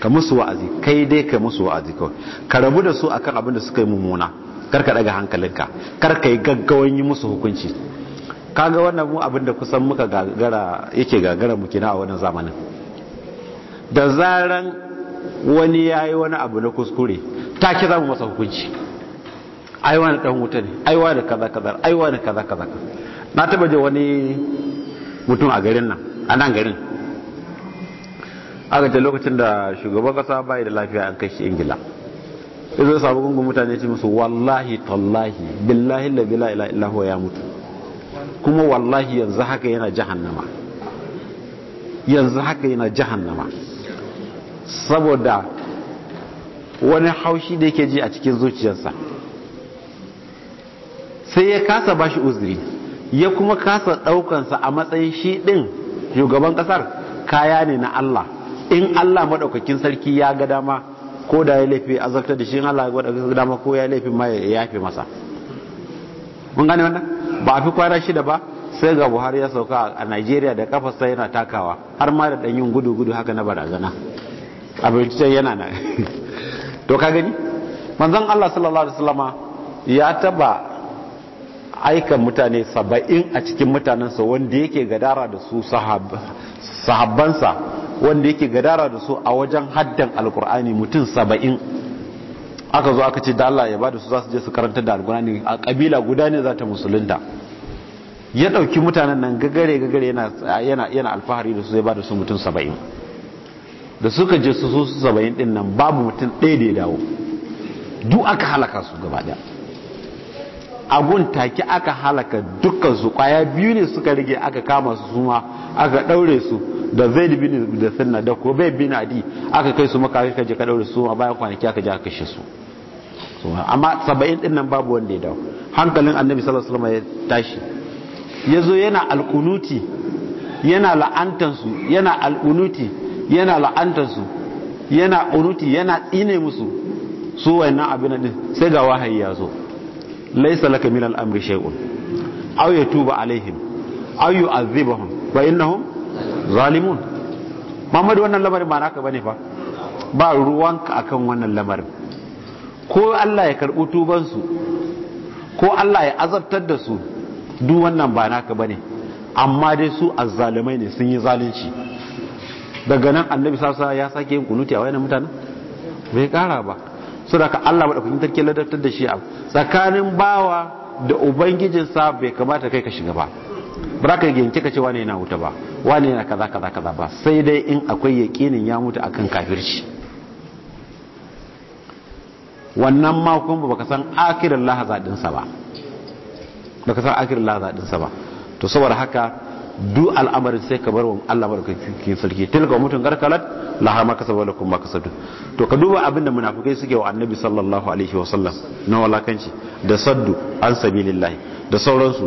ka musu wa'azi kai dai ka musu wa'azi kawai ka rabu da su akan abin da suka yi mummuna kar ka daga hankalinka kar ka yi gaggawan yi musu hukunci kaga wannan mu abin da kusan muka gagara yake gagara mu kina a wannan zamanin da zaran wani yayi wani abu na kuskure take za mu masa hukunci aiwa da dan wuta ne aiwa da kaza kaza aiwa da kaza kaza na taba je wani mutum a garin nan a nan garin aka ce lokacin da shugaban kasa bai da lafiya an kai shi ingila izo sabu gungun mutane ce musu wallahi tallahi billahi la ilaha illa huwa ya mutu kuma wallahi yanzu haka yana jahannama yanzu haka yana jahannama saboda wani haushi da yake ji a cikin zuciyarsa sai ya kasa ba shi uzuri ya kuma kasa ɗaukansa a matsayin shi ɗin shugaban ƙasar kaya ne na Allah in Allah maɗaukakin sarki ya ga dama ko da ya laifi azabta da shi in Allah ya ga dama ko ya laifi ma ya yafe masa mun gane wannan ba a fi kwana shida ba sai ga Buhari ya sauka a Najeriya da sai yana takawa har ma da ɗan yin gudu gudu haka na barazana abin yana na <laughs> to ka gani manzon Allah sallallahu alaihi wasallama ya taba aikan mutane saba'in a cikin mutanensa wanda yake gadara da su sahabbansa wanda yake gadara da su a wajen haddan alkur'ani mutum saba'in aka zo aka ce da ya ba da su za su je su karanta da alkur'ani a kabila guda ne za ta musulunta ya ɗauki mutanen nan gagare gagare yana alfahari da su zai ba da su mutum saba'in da suka je su su saba'in ɗin nan babu mutum ɗaya da ya dawo duk aka halaka su gaba ɗaya agun take aka halaka dukkan su kwaya biyu ne suka rige aka kama su suma aka daure su da zaid bin da sunna da bai bin adi aka kai su maka aka je ka daure su a bayan kwanaki aka je aka kashe su amma saba'in din nan babu wanda ya dawo hankalin annabi sallallahu alaihi wasallam ya tashi ya zo yana alkunuti yana la'antansu yana alkunuti yana la'antansu yana unuti yana tsine musu su wannan abin din sai ga wahayi ya zo laysa laka min al-amri shay'un aw yatuba alaihim aw yu'adhibuhum wa innahum zalimun Muhammadu wannan lamarin ba naka bane fa ba ruwanka akan wannan lamarin ko Allah ya karɓi tubansu ko Allah ya azabtar da su duk wannan ba naka bane amma dai su azzalumai ne sun yi zalunci daga nan annabi sassa ya sake yin kunuti a wayannan mutanen bai kara ba saboda Allah madaukakin sarki ladattar da shi a tsakanin bawa da ubangijinsa bai kamata kai ka shiga ba ba ka yanke ka ce wane yana wuta ba wane yana kaza kaza kaza ba sai dai in akwai yaƙinin ya mutu akan kafirci wannan ma kuma baka san akirin lahaza sa ba baka san akirin lahaza sa ba to saboda haka duk al'amarin sai ka bar wa Allah madaukakin sarki tilka mutun garkalat laha ma kasaba lakum maka kasabtum to ka duba abin da munafikai suke wa annabi sallallahu alaihi wa sallam na walakanci da saddu an sabilillahi da sauransu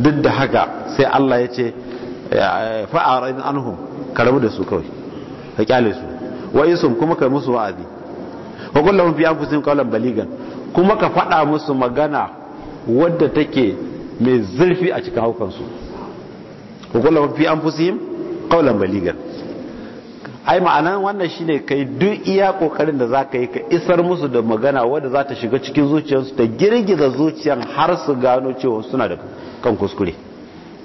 duk da haka sai Allah ya ce fa'arin anhum ka da su kawai ka kyale su wa isum kuma ka musu wa'azi wa qul lahum fi anfusihim qawlan baligan kuma ka faɗa musu magana wadda take mai zurfi a cikin haukansu wa qul lahum fi anfusihim qawlan baligan ai ma'ana wannan shine kai duk iya kokarin da zaka yi ka isar musu da magana wadda za ta shiga cikin zuciyarsu ta girgiza zuciyar har su gano cewa suna da kan kuskure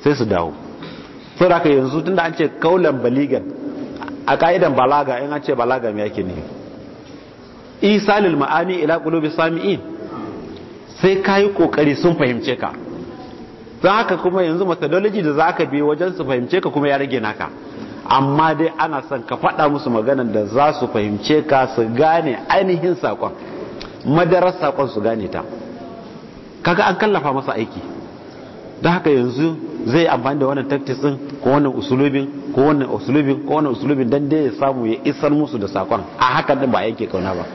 sai su dawo sai da yanzu tunda an ce kaulan baligan a ka'idan balaga in an ce balaga me yake ne isalil ma'ani ila qulubi sami'in sai kayi kokari sun fahimce ka don haka kuma yanzu methodology da zaka bi wajen su fahimce ka kuma ya rage naka amma dai ana son ka faɗa musu maganar da za su fahimce ka su gane ainihin sakon madarar sakon su gane ta kaga an kallafa masa aiki da haka yanzu zai amfani da wannan taktisin, ko wannan usulubin ko wannan usulubin ko wannan usulubin don dai ya samu ya isar musu da sakon a hakan din ba yake kauna ba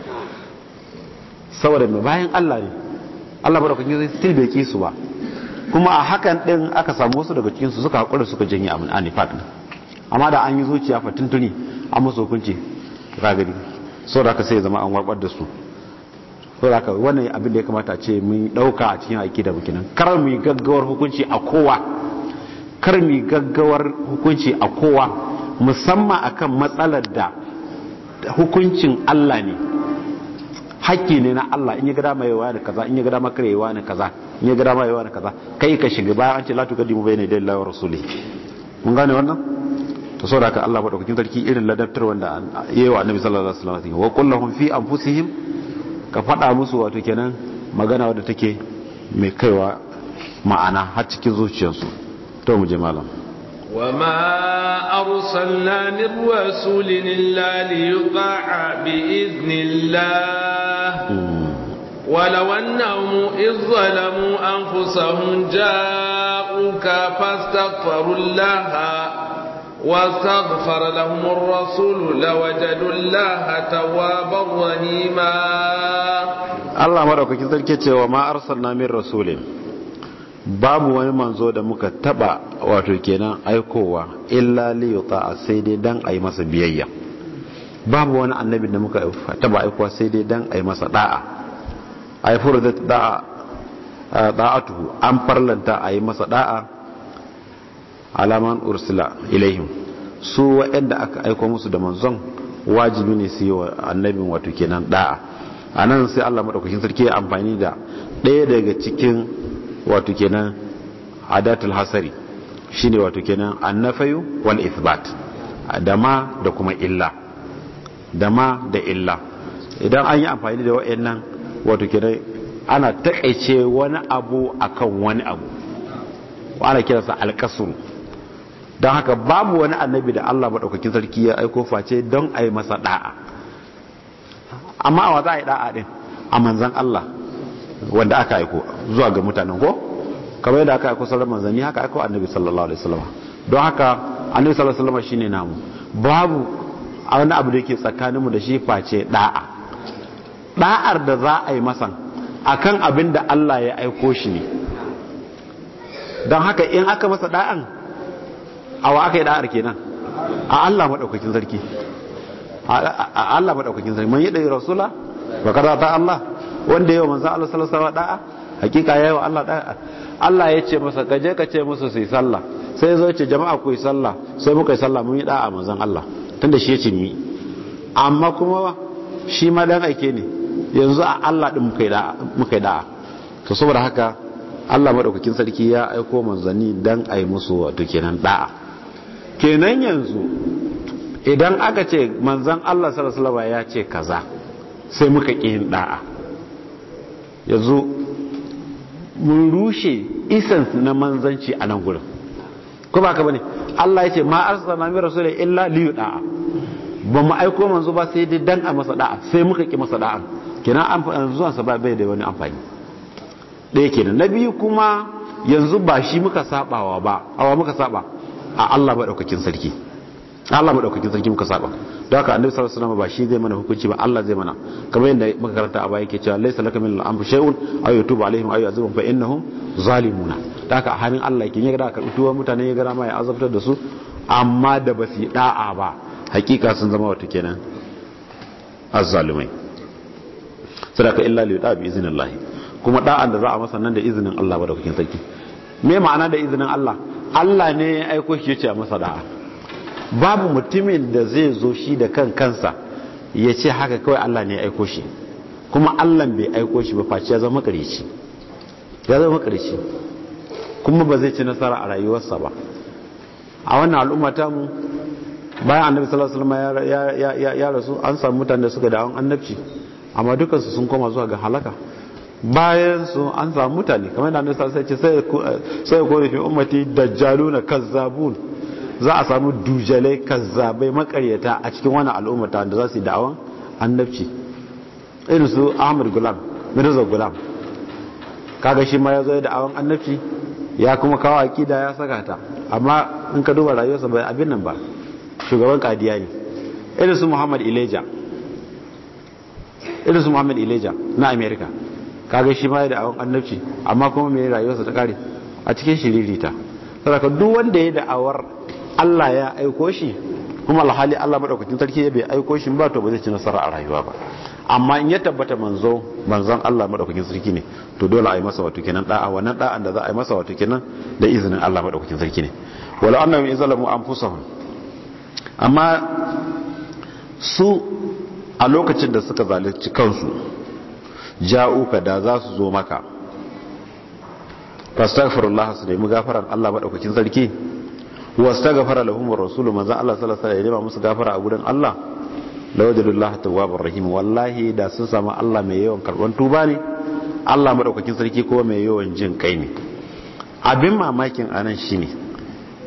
saboda mai bayan Allah ne Allah barakatin zai still bai ki su ba kuma a hakan din aka samu wasu daga cikinsu su suka haƙura suka a amin anifaq amma da an yi zuciya fa tuntuni an musu hukunci ragari sau da sai zama an warbar da su sau da aka wannan abin da ya kamata ce mun ɗauka a cikin aiki da bukinan kar mu gaggawar hukunci a kowa kar mu gaggawar hukunci a kowa musamman akan matsalar da hukuncin Allah ne hakki ne na Allah in ya gada mai yawa da kaza in ya gada maka yawa ne kaza in ya gada mai yawa ne kaza kai ka shiga bayan an ce la tuqaddimu bayna idallahi wa rasuli mun gane wannan to saboda haka Allah madaukakin sarki irin ladabtar wanda yayi annabi sallallahu alaihi wasallam wa qul lahum fi anfusihim ka fada musu wato kenan magana wadda take mai kaiwa ma'ana har cikin zuciyarsu to mu je malam وما أرسلنا من رسول إلا ليطاع بإذن الله ولو أنهم إذ ظلموا أنفسهم جاءوك فاستغفروا الله واستغفر لهم الرسول لوجدوا الله توابا رحيما الله مدaukakin sarki cewa ma arsalna min rasulin babu wani manzo da muka taba wato kenan aikowa illa li yuta sai dai dan ayi masa biyayya babu wani annabi da muka taba aikowa sai dai dan ayi masa da'a ay furdat da'a da'atu an farlanta ayi masa da'a alaman ursula ilaihim su waɗanda aka aiko musu da manzon wajibi ne su yi wa annabin wato kenan da'a a nan sai allah maɗaukakin sarki ya amfani da ɗaya daga cikin wato kenan adatul hasari shine wato kenan annafayu wal isbat da da kuma illa dama da illa idan an yi amfani da waɗannan wato kenan ana taƙaice wani abu akan wani abu ana kiransa alƙasuru don haka babu wani annabi da Allah maɗaukakin sarki ya aiko face don a yi masa ɗa'a amma a za a yi ɗa'a ɗin a manzan Allah wanda aka aiko zuwa ga mutanen ko kamar yadda aka aiko sauran manzanni haka aiko annabi sallallahu alaihi wasallam don haka annabi sallallahu alaihi wasallam shine namu babu wani abu da yake tsakaninmu da shi face ɗa'a ɗa'ar da za a yi masan akan abin da Allah ya aiko shi ne don haka in aka masa ɗa'an awa aka yi da'ar kenan a Allah madaukakin sarki a Allah madaukakin sarki man yi dai rasula ba kada ta Allah wanda yau manzo Allah sallallahu alaihi wasallam da'a hakika yayi wa Allah da'a Allah ya ce masa kaje ka ce musu sai sallah sai zo ce jama'a ku yi sallah sai muka yi sallah mun yi da'a manzon Allah tunda shi ya ce ni amma kuma shi ma dan aike ne yanzu a Allah din muka yi da'a muka yi da'a to saboda haka Allah madaukakin sarki ya aiko manzanni dan ai musu wato kenan da'a kenan yanzu idan aka ce manzan Allah sarasalawa ya ce kaza sai muka ƙi yin ɗa'a yanzu mun rushe isan na manzanci a nan gudun. ko ba ka bane Allah ya ce ma arsala su da illa liyu ɗa'a ba mu aiko manzu ba sai dan a masa da'a sai muka ki masa da'a kenan amfani zuwan sa ba bai da wani amfani ɗaya kenan na biyu kuma yanzu ba shi muka sabawa ba awa muka saba a Allah madaukakin sarki Allah madaukakin sarki muka saba don haka annabi sallallahu alaihi wasallam ba shi zai mana hukunci ba Allah zai mana kamar yadda muka karanta a baya yake cewa laysa laka min al-amri shay'un aw yutubu alaihim aw yu'adhibuhum fa innahum zalimuna don haka hannun Allah yake yaga da ka tuwa mutane ya gada ma ya azabtar da su amma da ba su da'a ba hakika sun zama wato kenan azzalumai sadaka illa li yuta bi kuma da'an da za a masa nan da izinin Allah ba da sarki me ma'ana da izinin Allah Allah ne ya aiko shi ce a masa da'a babu mutumin da zai zo shi da kan kansa ya ce haka kawai Allah ne ya aiko shi kuma Allah bai aiko shi ba face ya zama ƙarici ya zama kuma ba zai ci nasara a rayuwarsa ba a wannan al'umma ta mu bayan annabi sallallahu alaihi wasallam ya rasu an samu mutane da suka da annabci amma dukansu sun koma zuwa ga halaka bayan su an samu mutane kamar yana annabi sai ce sai eh, ko da fi ummati dajjaluna kazzabun za a samu dujale kazzabai makaryata a cikin wannan al'umma ta da za su yi da'awan annabci irin su Ahmad Gulam Mirza Gulam kaga shi ma ya zo da an annabci ya kuma kawo da ya saka ta amma in ka duba rayuwarsa bai abin nan ba shugaban kadiya ne irin su Muhammad Ileja irin su Muhammad Ileja na America kaga shi ma ya da awon annabci amma kuma mai rayuwarsa ta kare a cikin shiririta saboda duk wanda ya da awar Allah ya aiko shi kuma alhali Allah madaukakin sarki ya bai aiko shi ba to ba zai ci nasara a rayuwa ba amma in ya tabbata manzo manzon Allah madaukakin sarki ne to dole a yi masa wato kenan da'a wannan da'an da za a yi masa wato kenan da izinin Allah madaukakin sarki ne wala annahum an anfusahum amma su a lokacin da suka zalunci kansu ja'uka da za su zo maka fastaghfirullah su nemi gafaran Allah madaukakin sarki wastaghfara lahum rasuluhu rasul manzo Allah sallallahu alaihi wasallam musu gafara a gurin Allah lawajadullah tawwabur rahim wallahi da sun samu Allah mai yawan karban tuba ne Allah madaukakin sarki ko mai yawan jin kai ne abin mamakin anan shine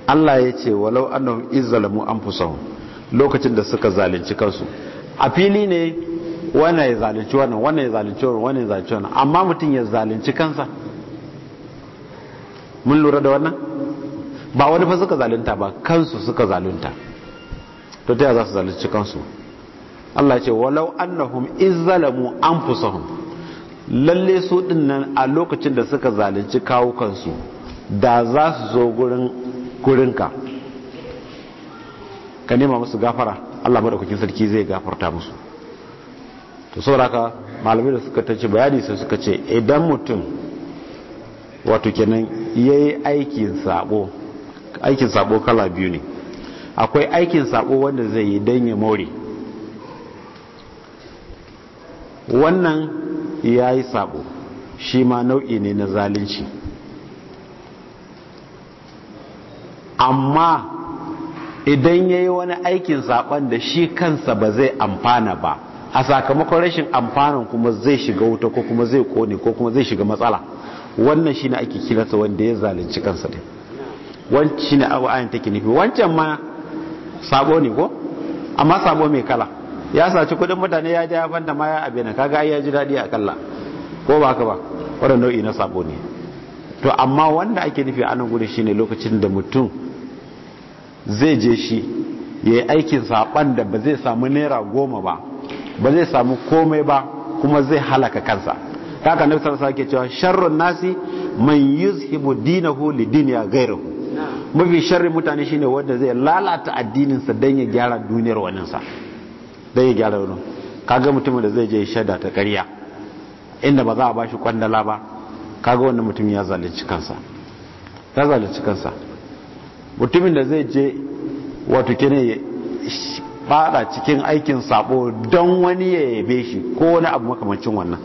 Allah ya ce walau izalamu an anfusahum lokacin da suka zalunci kansu a fili ne wannan ya zalunci wannan wannan ya zalunci wannan wannan ya zalunci wannan amma mutum ya zalunci kansa mun lura da wannan ba wani fa suka zalunta ba kansu suka zalunta to ta za su zalunci kansu Allah ce walau annahum izzalamu anfusahum lalle su dinnan a lokacin da suka zalunci kawo kansu da za su zo gurin gurinka ka nema musu gafara Allah madaukakin sarki zai gafarta musu to sauraka malamai da suka tace bayani sai suka ce idan mutum wato kenan yayi aikin sabo aikin sabo kala biyu ne akwai aikin sabo wanda zai yi dan ya more wannan yayi sabo shi ma nau'i ne na zalunci amma idan yayi wani aikin saban da shi kansa ba zai amfana ba a sakamakon rashin amfanin kuma zai shiga wuta ko kuma zai kone ko kuma zai shiga matsala wannan shi ne ake kiransa wanda ya zalunci kansa dai. wancan ne abu ayin take nufi wancan ma sabo ne ko amma sabo mai kala ya saci kudin mutane ya ja fanta ma ya abena kaga ya ji daɗi akalla ko ba ka ba wannan nau'i na sabo ne to amma wanda ake nufi a nan gudun shine lokacin da mutum zai je shi ya yi aikin saban da ba zai samu naira goma ba ba zai samu komai ba kuma zai halaka kansa haka nabi sallallahu ke cewa sharrun nasi man yuzhibu dinahu li dunya gairu. mafi sharrin mutane shine wanda zai lalata addinin sa dan ya gyara duniyar wannan sa dan ya gyara wannan kaga mutumin da zai je shada ta ƙarya inda ba za a bashi kwandala ba kaga wannan mutum ya zalunci kansa ya zalunci kansa mutumin da zai je wato kene fada cikin aikin sabo don wani ya yabe shi ko wani abu makamancin wannan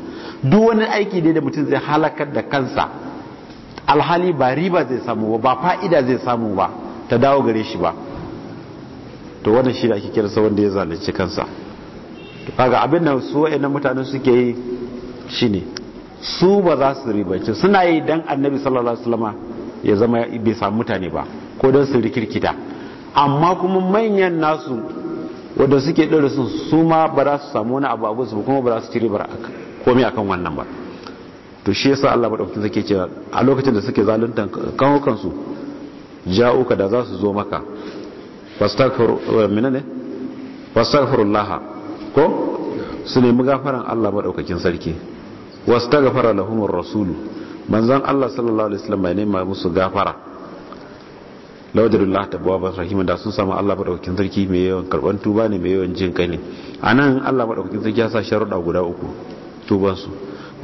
duk wani aiki ne da mutum zai halakar da kansa alhali ba riba zai samu ba ba fa'ida zai samu ba ta dawo gare shi ba to wannan shi da ake sa wanda ya zalunci kansa kaga abin da su wa'annan mutane suke yi shine su ba za su ribace suna yi dan annabi sallallahu alaihi wasallama ya zama bai samu mutane ba ko don su rikirkita amma kuma manyan nasu wadda suke ɗora da su ma ba za su samu wani abu abu su kuma ba za su ba komi a kan wannan ba to shi yasa Allah maɗauki zake cewa a lokacin da suke zalunta kansu ja'u ka da za su zo maka fastaghfiru eh, minane fastaghfirullah ko su nemi gafaran Allah maɗaukakin sarki wasu gafara lahumar rasulu manzan Allah sallallahu alaihi wasallam ya nema musu gafara buwa basu rahim da sun samu Allah madaukakin sarki mai yawan karban tuba ne mai yawan jin kai A nan Allah madaukakin sarki ya sa sharuɗa guda uku tubansu.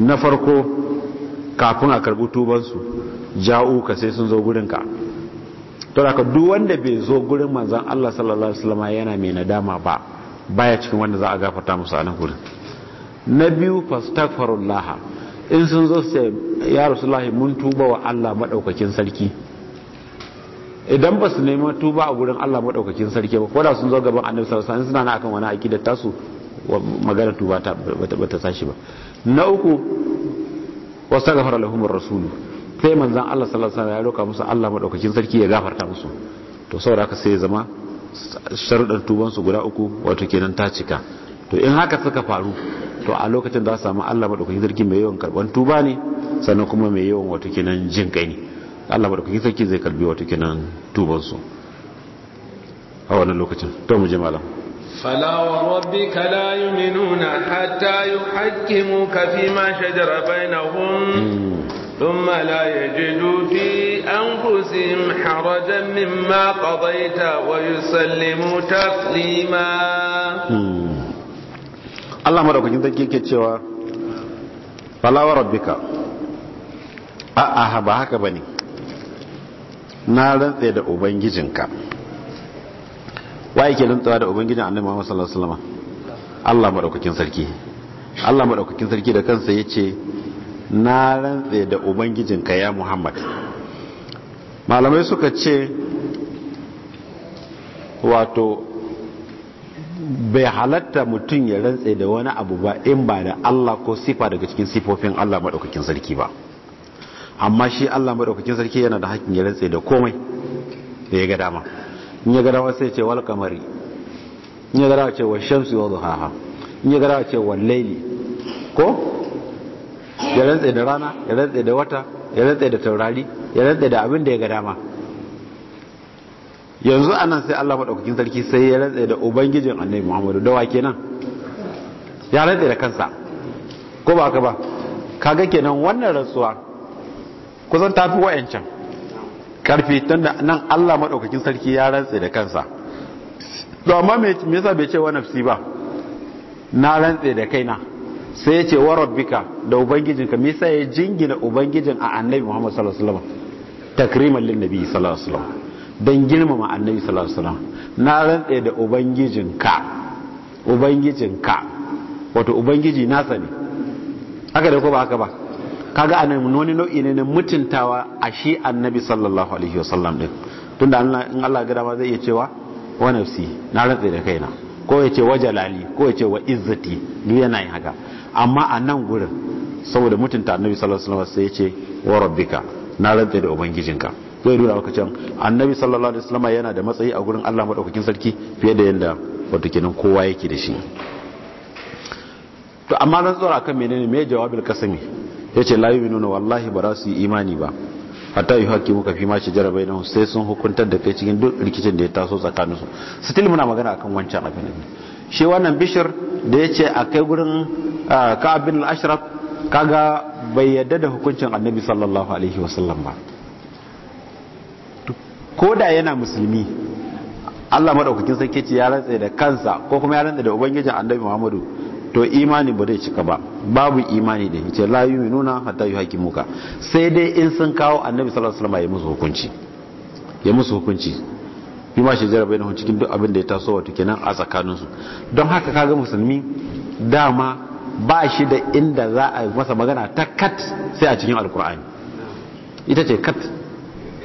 na farko kafin a karɓi tubansu ja'u ka sai sun zo gurin ka to da duk wanda bai zo gurin manzan Allah sallallahu alaihi wasallam yana mai nadama ba baya cikin wanda za a gafarta musu a nan gurin na biyu fastaghfirullah in sun zo sai ya rasulullahi mun tuba wa Allah maɗaukakin sarki idan ba su nema tuba a gurin Allah maɗaukakin sarki ba ko sun zo gaban annabi sallallahu alaihi wasallam suna na akan wani akidar tasu magana tuba ta bata sashi ba na uku wastaghfara lahum ar-rasul sai manzan Allah sallallahu alaihi wasallam ya roka musu Allah maɗaukakin sarki ya gafarta musu to saboda haka sai ya zama sharuɗan tuban guda uku wato kenan ta cika to in haka suka faru to a lokacin za su samu Allah maɗaukakin sarki mai yawan karɓan tuba ne sannan kuma mai yawan wato kenan jin kai ne allah ba da kuke sarki zai karbi wata kinan tubansu a wannan lokacin to mu je malam falawa wa kala yi minuna hatta yi haƙƙi mu kafi ma shajara bai na hun hmm. don mala ya je dufi an kusi harajen min ma ƙazaita wa yi sallimu ta tsima hmm. allah ma da kuke sarki ke cewa falawa rabbi ka a'a ba haka ba ne na rantse da ubangijinka waye ke rantsuwa da ubangijin annabi Muhammad sallallahu alaihi wasallam Allah madaukakin sarki Allah madaukakin sarki da kansa yace na rantse da ubangijinka ya Muhammad malamai suka ce wato bai halatta mutum ya rantse da wani abu ba in ba da Allah ko sifa daga cikin sifofin Allah madaukakin sarki ba amma shi Allah madaukakin sarki yana da hakkin ya tsaye da komai da ya ga dama in ya ga dama sai ce wal kamari in ya ga dama ce wa Shamsu wa duhaha in ya ga dama ce wal layli ko ya rantse da rana ya rantse da wata ya rantse da taurari ya rantse da abin da ya ga dama yanzu anan sai Allah madaukakin sarki sai ya rantse da ubangijin Annabi Muhammadu da wa kenan ya rantse da kansa ko ba ka ba kaga kenan wannan rantsuwa kusan ta fi wa'ancan karfi tun da nan allah maɗaukakin sarki ya rantse da kansa to amma me yasa bai ce wa nafsi ba na rantse da kaina sai ya ce wa rabbika da ubangijinka me sa ya jingina ubangijin a annabi muhammad sallallahu alaihi wasallam takriman lin nabi sallallahu alaihi wasallam dan girmama annabi sallallahu alaihi wasallam na rantse da ubangijinka ubangijinka wato ubangiji nasa ne haka da ko ba haka ba kaga anan wani nau'i ne na mutuntawa a shi annabi sallallahu alaihi wasallam din tunda in Allah ga dama zai iya cewa wa nafsi na rantsa da kaina ko ya ce wa jalali ko ya ce wa izzati ni yana yin haka amma a nan gurin saboda mutunta annabi sallallahu alaihi wasallam sai ya ce wa rabbika na rantsa da ubangijinka zai nuna maka cewa annabi sallallahu alaihi wasallam yana da matsayi a gurin Allah madaukakin sarki fiye da yanda wato kenan kowa yake da shi to amma ran tsora kan menene me jawabil kasami ya ce la nuna wallahi ba za su yi imani ba hatta yi haƙi muka fi mace jarabai na sai sun hukuntar da kai cikin duk rikicin da ya taso tsakaninsu still muna magana kan wancan abin shi wannan bishir da ya ce a kai gurin ka'abin al-ashraf kaga bai yadda da hukuncin annabi sallallahu alaihi wasallam ba ko da yana musulmi Allah madaukakin sarki ce ya rantsa da kansa ko kuma ya rantsa da ubangijin annabi Muhammadu to imani ba zai cika ba babu imani da yace la nuna hatta muka sai dai in sun kawo annabi sallallahu alaihi wasallam ya musu hukunci ya musu hukunci bi ma shi jarabe na cikin duk abin da ya taso wato kenan a tsakaninsu don haka kaga musulmi dama ba shi da inda za a masa magana ta kat sai a cikin alkur'ani ita ce kat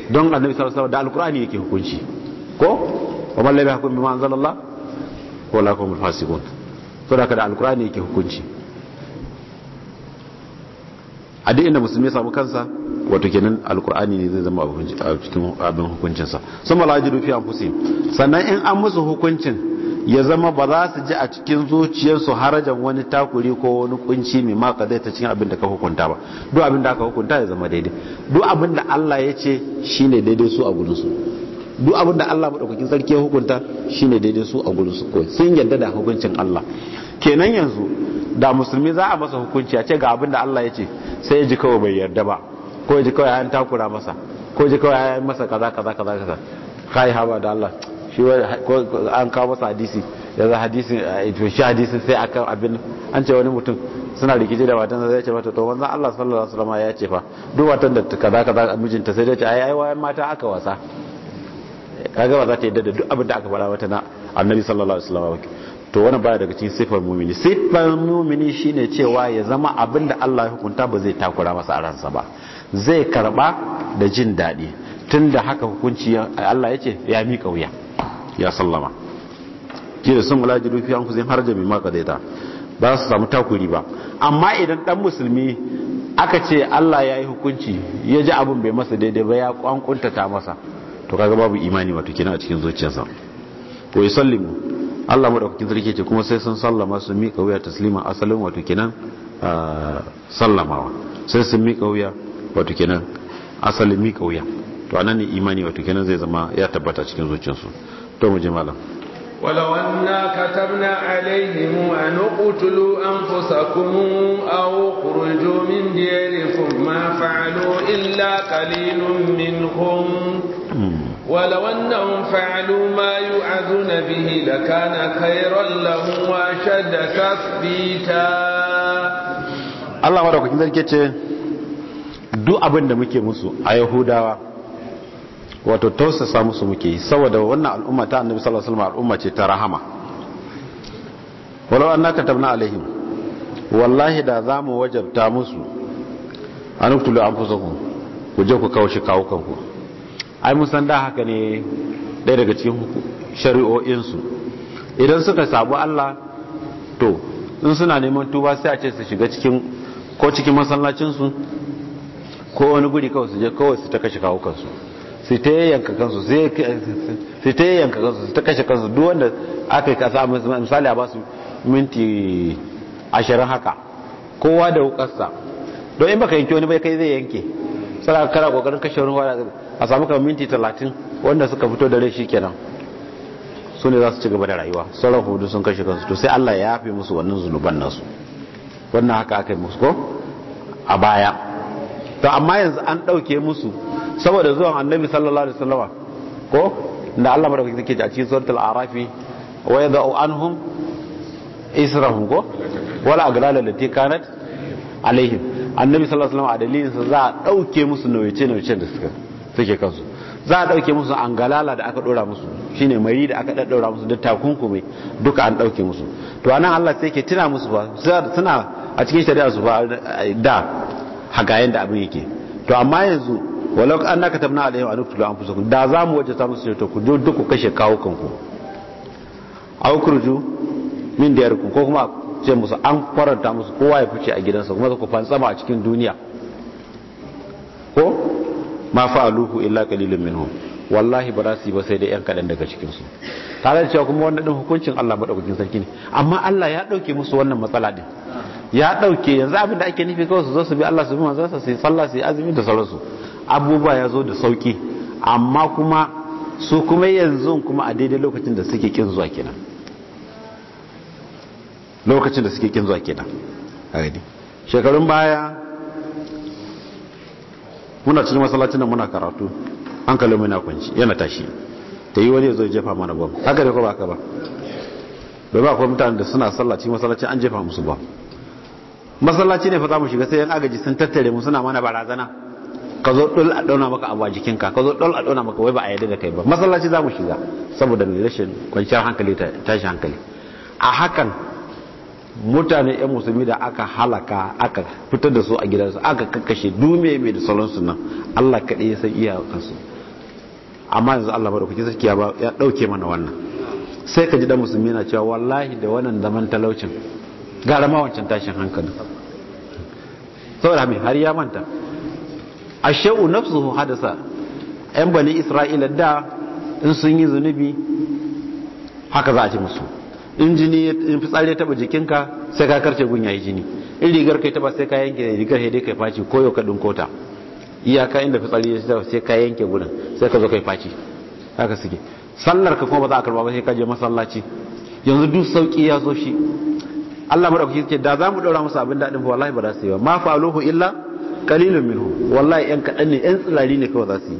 don annabi sallallahu alaihi da alkur'ani yake hukunci ko wa man la yahkum bima anzalallah wa la yakum al saboda kada alkur'ani yake hukunci a duk inda musulmi ya samu kansa wato kenan alkur'ani ne zai zama abin hukuncinsa sun mala jiru fi an fusi sannan in an musu hukuncin ya zama ba za su ji a cikin zuciyarsu harajan wani takuri ko wani kunci mai maka zai ta cikin abin da ka hukunta ba duk abin da aka hukunta ya zama daidai duk abin da Allah ya ce shi ne daidai su a gudunsu, duk abin da Allah maɗaukakin sarki ya hukunta shi ne daidai su a gudunsu kawai sun yarda da hukuncin Allah kenan yanzu da musulmi za a masa hukunci a ce ga abin da Allah ya ce sai ya ji kawai bai yarda ba ko ya ji kawai an takura masa ko ya ji kawai ya masa kaza kaza kaza kaza kai haba da Allah shi an kawo masa hadisi yanzu hadisi eh, to shi hadisi sai akan abin an ce wani mutum suna rikici da matan zai ce mata to wanzan Allah sallallahu alaihi wasallam ya ce fa duk watan da kaza kaza mijinta sai ya ce ai ai mata aka wasa kaga ba za ta yadda da duk abin da aka faɗa mata na annabi sallallahu alaihi wasallam to wani baya daga cikin siffar mumini siffar mumini shine cewa ya zama abin da Allah ya hukunta ba zai takura masa a ransa ba zai karba da jin daɗi tunda da haka hukunci Allah ya ce ya miƙa wuya ya sallama ki da sun wula jiru an kuzin harja mai maka daita ba su samu takuri ba amma idan dan musulmi aka ce Allah ya yi hukunci ya ji abin bai masa daidai ba ya ta masa to kaga babu imani wato kina a cikin zuciyarsa ko yusallimu Allah madaukakin sarki ce kuma sai sun sallama sun miƙa wuya taslima asalin wato kenan sallamawa sai sun miƙa wuya wato kenan asalin miƙa wuya to anan ne imani wato kenan zai zama ya tabbata cikin zuciyarsu to mu je malam ولو أنا كتبنا عليهم أن اقتلوا أنفسكم أو اخرجوا من دياركم ما فعلوا إلا قليل منهم ولو أنهم فعلوا ما يوعظون به لكان خيرا لهم وأشد تثبيتا الله ورحمة الله duk abin da muke musu a yahudawa wato tausasa musu muke yi saboda wannan al'umma ta annabi sallallahu alaihi wasallam al'umma ce ta rahama walau anna katabna alaihim wallahi da zamu wajabta musu an kutulu anfusakum ku je ku kawo shi kawo kanku ai musan da haka ne ɗaya daga cikin shari'o'insu idan suka sabu Allah to in suna neman tuba sai a ce su shiga cikin ko cikin masallacinsu ko wani guri kawai su je kawai su ta kashe kawo kansu su ta yayyanka kansu su ta yayyanka kansu su ta kashe kansu duk wanda aka yi kasa misali a basu minti ashirin haka kowa da wukarsa don in baka yanke wani bai kai zai yanke sai kara kokarin kashe ruwa a samu kamar minti talatin wanda suka fito da rai kenan su ne za su ci gaba da rayuwa sauran hudu sun kashe kansu to sai Allah ya yafe musu wannan zunuban nasu wannan haka aka yi musu ko a baya to amma yanzu an ɗauke musu saboda zuwan annabi sallallahu alaihi wasallam ko da Allah madaukaki take a cikin suratul arafi wa yadau anhum israhum ko wala aglala lati kanat alaihim annabi sallallahu alaihi wasallam a dalilinsa za a dauke musu nauyace nauyacen da suka suke kansu za a dauke musu angalala da aka dora musu shine mari da aka daddaura musu da takunkume duka an dauke musu to anan Allah sai yake tuna musu ba suna a cikin shari'a su ba da haga yanda abin yake to amma yanzu walau an na katabna alaihim an uktulu anfusakum da za mu waje ta musu to ku duk ku kashe kawo kanku aukurju min diyarkum ko kuma sai musu an faranta musu kowa ya fice a gidansa kuma ku sama a cikin duniya ko ma fa'aluhu illa qalilun minhum wallahi ba za su yi ba sai dai yan kadan daga cikinsu tare da cewa kuma wannan ɗin hukuncin Allah maɗaukakin sarki ne amma Allah ya ɗauke musu wannan matsala din ya dauke yanzu abin da ake nufi kawai su zo su bi Allah su bi manzansa su yi sallah su yi azumi da sauransu abubuwa ya zo da sauki amma kuma su kuma yanzu kuma a daidai lokacin da suke kin zuwa kenan lokacin da suke kin zuwa kenan gani shekarun baya muna cikin masallacin nan muna karatu an kallo mai na kwanci yana tashi ta yi wani ya zo jefa mana bom haka ne ko ba ka ba domin akwai mutanen da suna sallaci masallacin an jefa musu ba masallaci ne fa za mu shiga sai yan agaji sun tattare mu suna mana barazana ka zo dol a dauna maka abu a jikinka ka zo dol a dauna maka wai ba a yarda da kai ba masallaci za mu shiga saboda rashin kwanciyar hankali ta tashi hankali a hakan mutane 'yan musulmi da aka halaka aka fitar da su a gidansu aka kakashe dume mai da sauransu nan allah kaɗai ya san iyakansu amma yanzu allah kuke sarki ya ɗauke mana wannan sai ka ji ɗan musulmi na cewa wallahi da wannan zaman talaucin gara ma wancan tashin hankali saboda mai har ya manta a shau su hadasa 'yan bani isra'ila da in sun yi zunubi haka za a ci musu in jini in fitsari ya taba jikinka sai ka karce gun yayi jini in rigar kai taba sai ka yanke rigar sai dai kai faci ko yau ka ta iyaka inda fitsari ya taba sai ka yanke gurin sai ka zo kai faci haka suke sallar ka kuma ba za a karba ba sai ka je masallaci yanzu duk sauki ya zo shi Allah madaukaki yake da za mu daura musu abin dadin wallahi ba za su yi ba ma faluhu illa qalilun minhu wallahi yan kadan ne yan tsilari ne kawai za su yi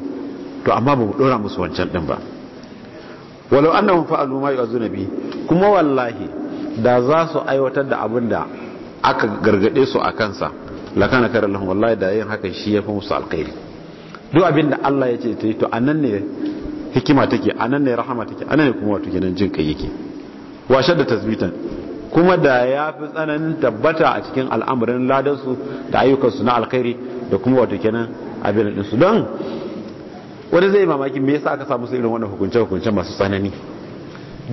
to amma ba mu daura musu wancan din ba walau annahum fa'alu ma a zunubi kuma wallahi da za su aiwatar da abin da aka gargade su a kansa lakana kare lahun wallahi da yin hakan shi ya fi musu alkhairi duk abin da Allah ya ce ta yi to a nan ne hikima take nan ne rahama take nan ne kuma wato kenan jin kai yake washe da tasbitan kuma da ya fi tsananin tabbata a cikin al'amarin ladansu da ayyukansu na alkhairi da kuma wato kenan abin da su don Wani zai mamaki me yasa aka samu su irin wannan hukunce hukunce masu tsanani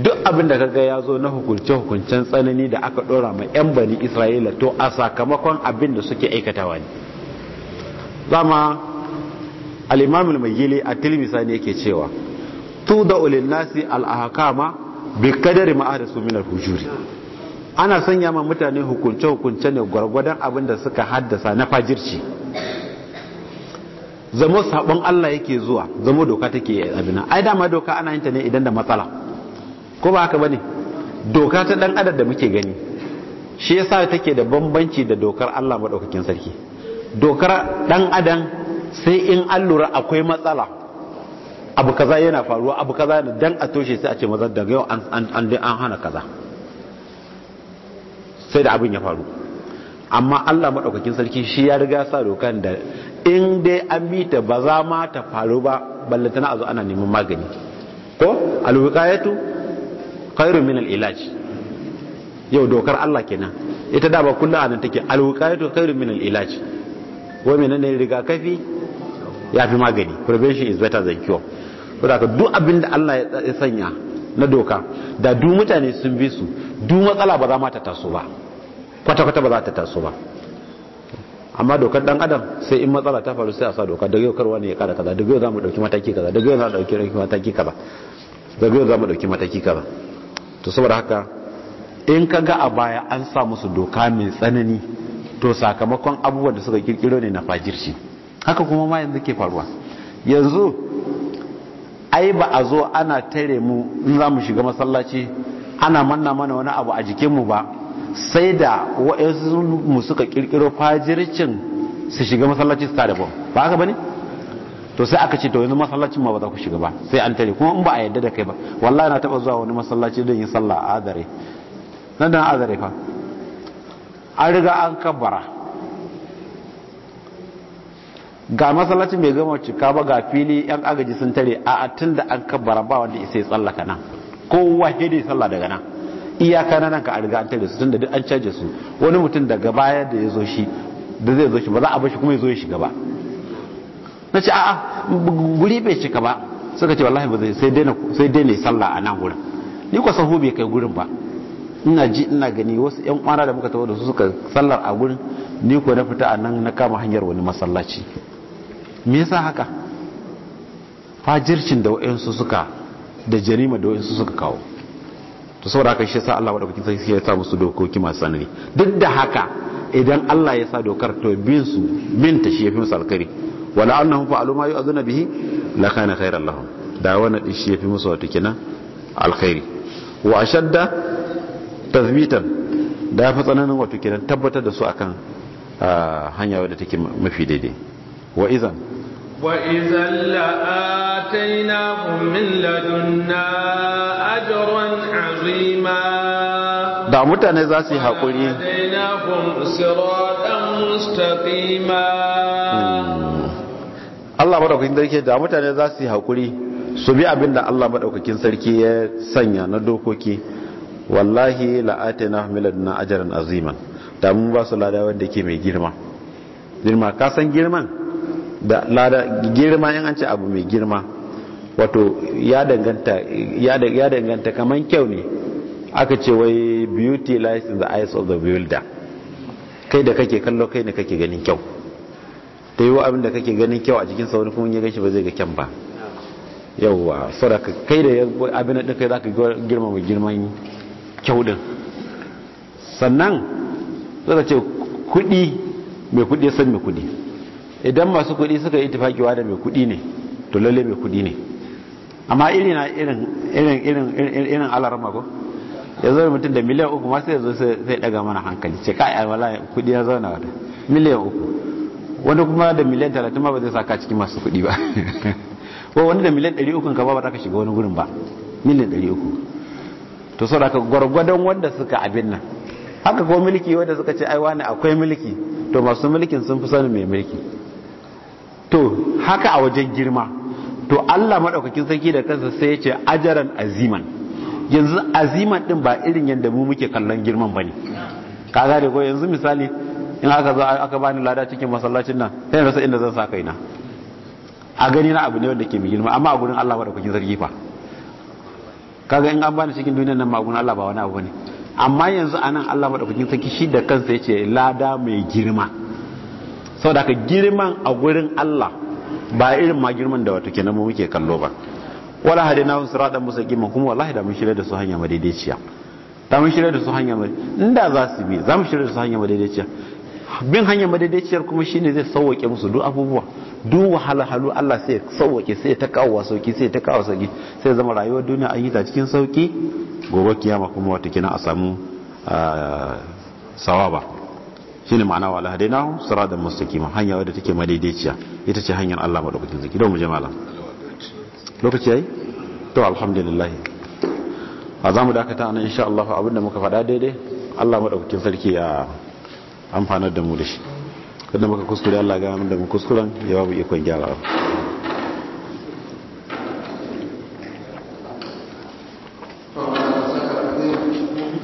duk abin da kaga ya zo na hukunce hukuncen tsanani da aka dora ma yan bani isra'ila to a sakamakon abin da suke aikatawa ne zama al mai mayyili a tilmisa ne yake cewa da lin-nasi al-ahkama bi qadari ma ahdathu min hujuri ana sanya ma mutane hukunce hukunce ne gwargwadon abin da suka haddasa na fajirci zamo sabon Allah yake zuwa zamo doka take abina ai dama doka ana yin ta ne idan da matsala ko ba haka bane doka ta dan adam da muke gani shi yasa take da bambanci da dokar Allah madaukakin sarki dokar dan adam sai in an lura akwai matsala abu kaza yana faruwa abu kaza ne dan a toshe sai a ce maza daga yau an an hana kaza sai da abin ya faru amma Allah maɗaukakin sarki shi ya riga sa dokan da in dai an bi ta ba za ma ta faru ba ballantana a zo ana neman magani ko alwiqayatu khairu min alilaj yau dokar Allah kenan ita da ba kullu anan take alwiqayatu khairu min al ne riga kafi? rigakafi yafi magani prevention is better than cure saboda duk abin da Allah ya sanya na doka da duk mutane sun bi su duk matsala ba za ma ta taso ba kwata-kwata ba za ta taso ba amma dokar dan adam sai in matsala ta faru sai a sa doka daga yau karwa ne ya kara kaza daga yau za mu dauki mataki kaza daga yau za mu dauki mataki kaza daga za mu dauki mataki kaza to saboda haka in ka ga a baya an sa musu doka mai tsanani to sakamakon abubuwan da suka kirkiro ne na fajirci haka kuma ma yanzu ke faruwa yanzu ai ba a zo ana tare mu in za mu shiga masallaci ana manna mana wani abu a jikinmu ba sai da wa'yansu mu suka kirkiro fajircin su shiga masallaci su tare bom ba haka ba ne to sai aka ce to yanzu masallacin ma ba za ku shiga ba sai an tare kuma in ba a yadda da kai ba wallahi na taba zuwa wani masallaci don yi sallah a azare nan da azare fa an riga an kabbara ga masallacin bai gama cika ba ga fili yan agaji sun tare a tun da an kabbara ba wanda isai tsallaka nan kowa hede sallah daga nan iyaka na nan ka a riga an tare su tun da duk an caje su wani mutum daga baya da ya zo shi da zai zo shi ba za a bar shi kuma ya zo ya shiga ba na ce a'a guri bai cika ba suka ce wallahi ba zai sai daina sai sallah a nan gurin ni ko sahu bai kai gurin ba ina ji ina gani wasu yan kwana da muka tawo da su suka sallar a gurin ni ko na fita a nan na kama hanyar wani masallaci me yasa haka fajircin da wayansu suka da jarima da wayansu suka kawo to saboda haka shi yasa Allah madaukakin sarki ya sa musu dokoki masu tsanani duk da haka idan Allah ya sa dokar to bin su min ta shi yafi musu alkhairi wala annahum fa'alu ma yu'azuna bihi la kana khairan lahum da wannan din shi yafi musu wato kenan alkhairi wa ashadda tazbitan da fa tsananin wato kenan tabbatar da su akan ah, hanya wadda take mafi daidai wa idan wa idan la'atainahum min ladunna ajran da mutane za su yi haƙuri hmm. Allah maɗaukakin sarki da mutane za su yi haƙuri su bi abin da Allah maɗaukakin sarki ya sanya na dokoki wallahi la'atina miladuna ajiyar aziman da mun ba su lada wanda ke mai girma girma ka san girman da lada girma yan an ce abu mai girma wato ya danganta ya danganta kaman kyau ne aka ce wai beauty lies in the eyes of the builder. kai da kake kallo kai ne kake ganin kyau ta yi wa abin da kake ganin kyau a cikin sauri kuma ya gashi ba zai ga kyan ba yauwa sauraka kai da abin da kai za ka girma mai girman kyau din sannan zata ce kudi mai kudi ya san mai kudi idan masu kudi suka yi tafakiwa da mai kudi ne to lalle mai kudi ne amma irin irin irin irin irin alarma ko ya zo mutum da miliyan uku masu ya zo sai daga mana hankali ce kai wala kudi ya zauna wata miliyan uku wani kuma da miliyan talatin ma ba zai saka cikin masu kudi ba <laughs> ko wani da miliyan ɗari uku ka ba ba ka shiga wani gurin ba miliyan ɗari uku to sau da ka gwargwadon wanda suka abin nan haka ko mulki wanda suka ce ai wani akwai mulki to masu mulkin sun fi sanin mai mulki to haka a wajen girma to Allah maɗaukakin sarki da kansa sai ya ce ajaran aziman yanzu aziman din ba irin yadda mu muke kallon girman bane ka gane ko yanzu misali in aka zo aka bani lada cikin masallacin nan sai rasa inda zan sa kaina a gani na abu ne wanda ke mai girma amma a gurin Allah ba da kuke zargi fa kaga in an bani cikin duniyar nan ma gurin Allah ba wani abu bane amma yanzu anan Allah madaukakin sarki shi da kansa yace lada mai girma saboda ka girman a gurin Allah ba irin ma girman da wato kenan mu muke kallo ba wala hadaina hum musa mustaqima kuma wallahi da mun shirya da su hanya madaidaiciya da mun shirya da su hanya mai inda za su bi za mu shirya da su hanya madaidaiciya bin hanya madaidaiciyar kuma shine zai sauwake musu duk abubuwa duk wahalhalu Allah sai sauwake sai ta kawo sauki sai ta kawo sauki sai zama rayuwar duniya an yi ta cikin sauki gobe kiyama kuma wata kina a samu sawaba shine ma'ana wala hadainahu siratan mustaqima hanya wadda take madaidaiciya ita ce hanyar Allah madaukakin zaki don mu je lokaci yayi to alhamdulillah a zamu dakata anan insha Allah abinda muka faɗa daidai Allah madaukakin sarki ya amfanar da mu da shi kada muka kuskure Allah ga mu da mu kuskuren ya babu ikon gyara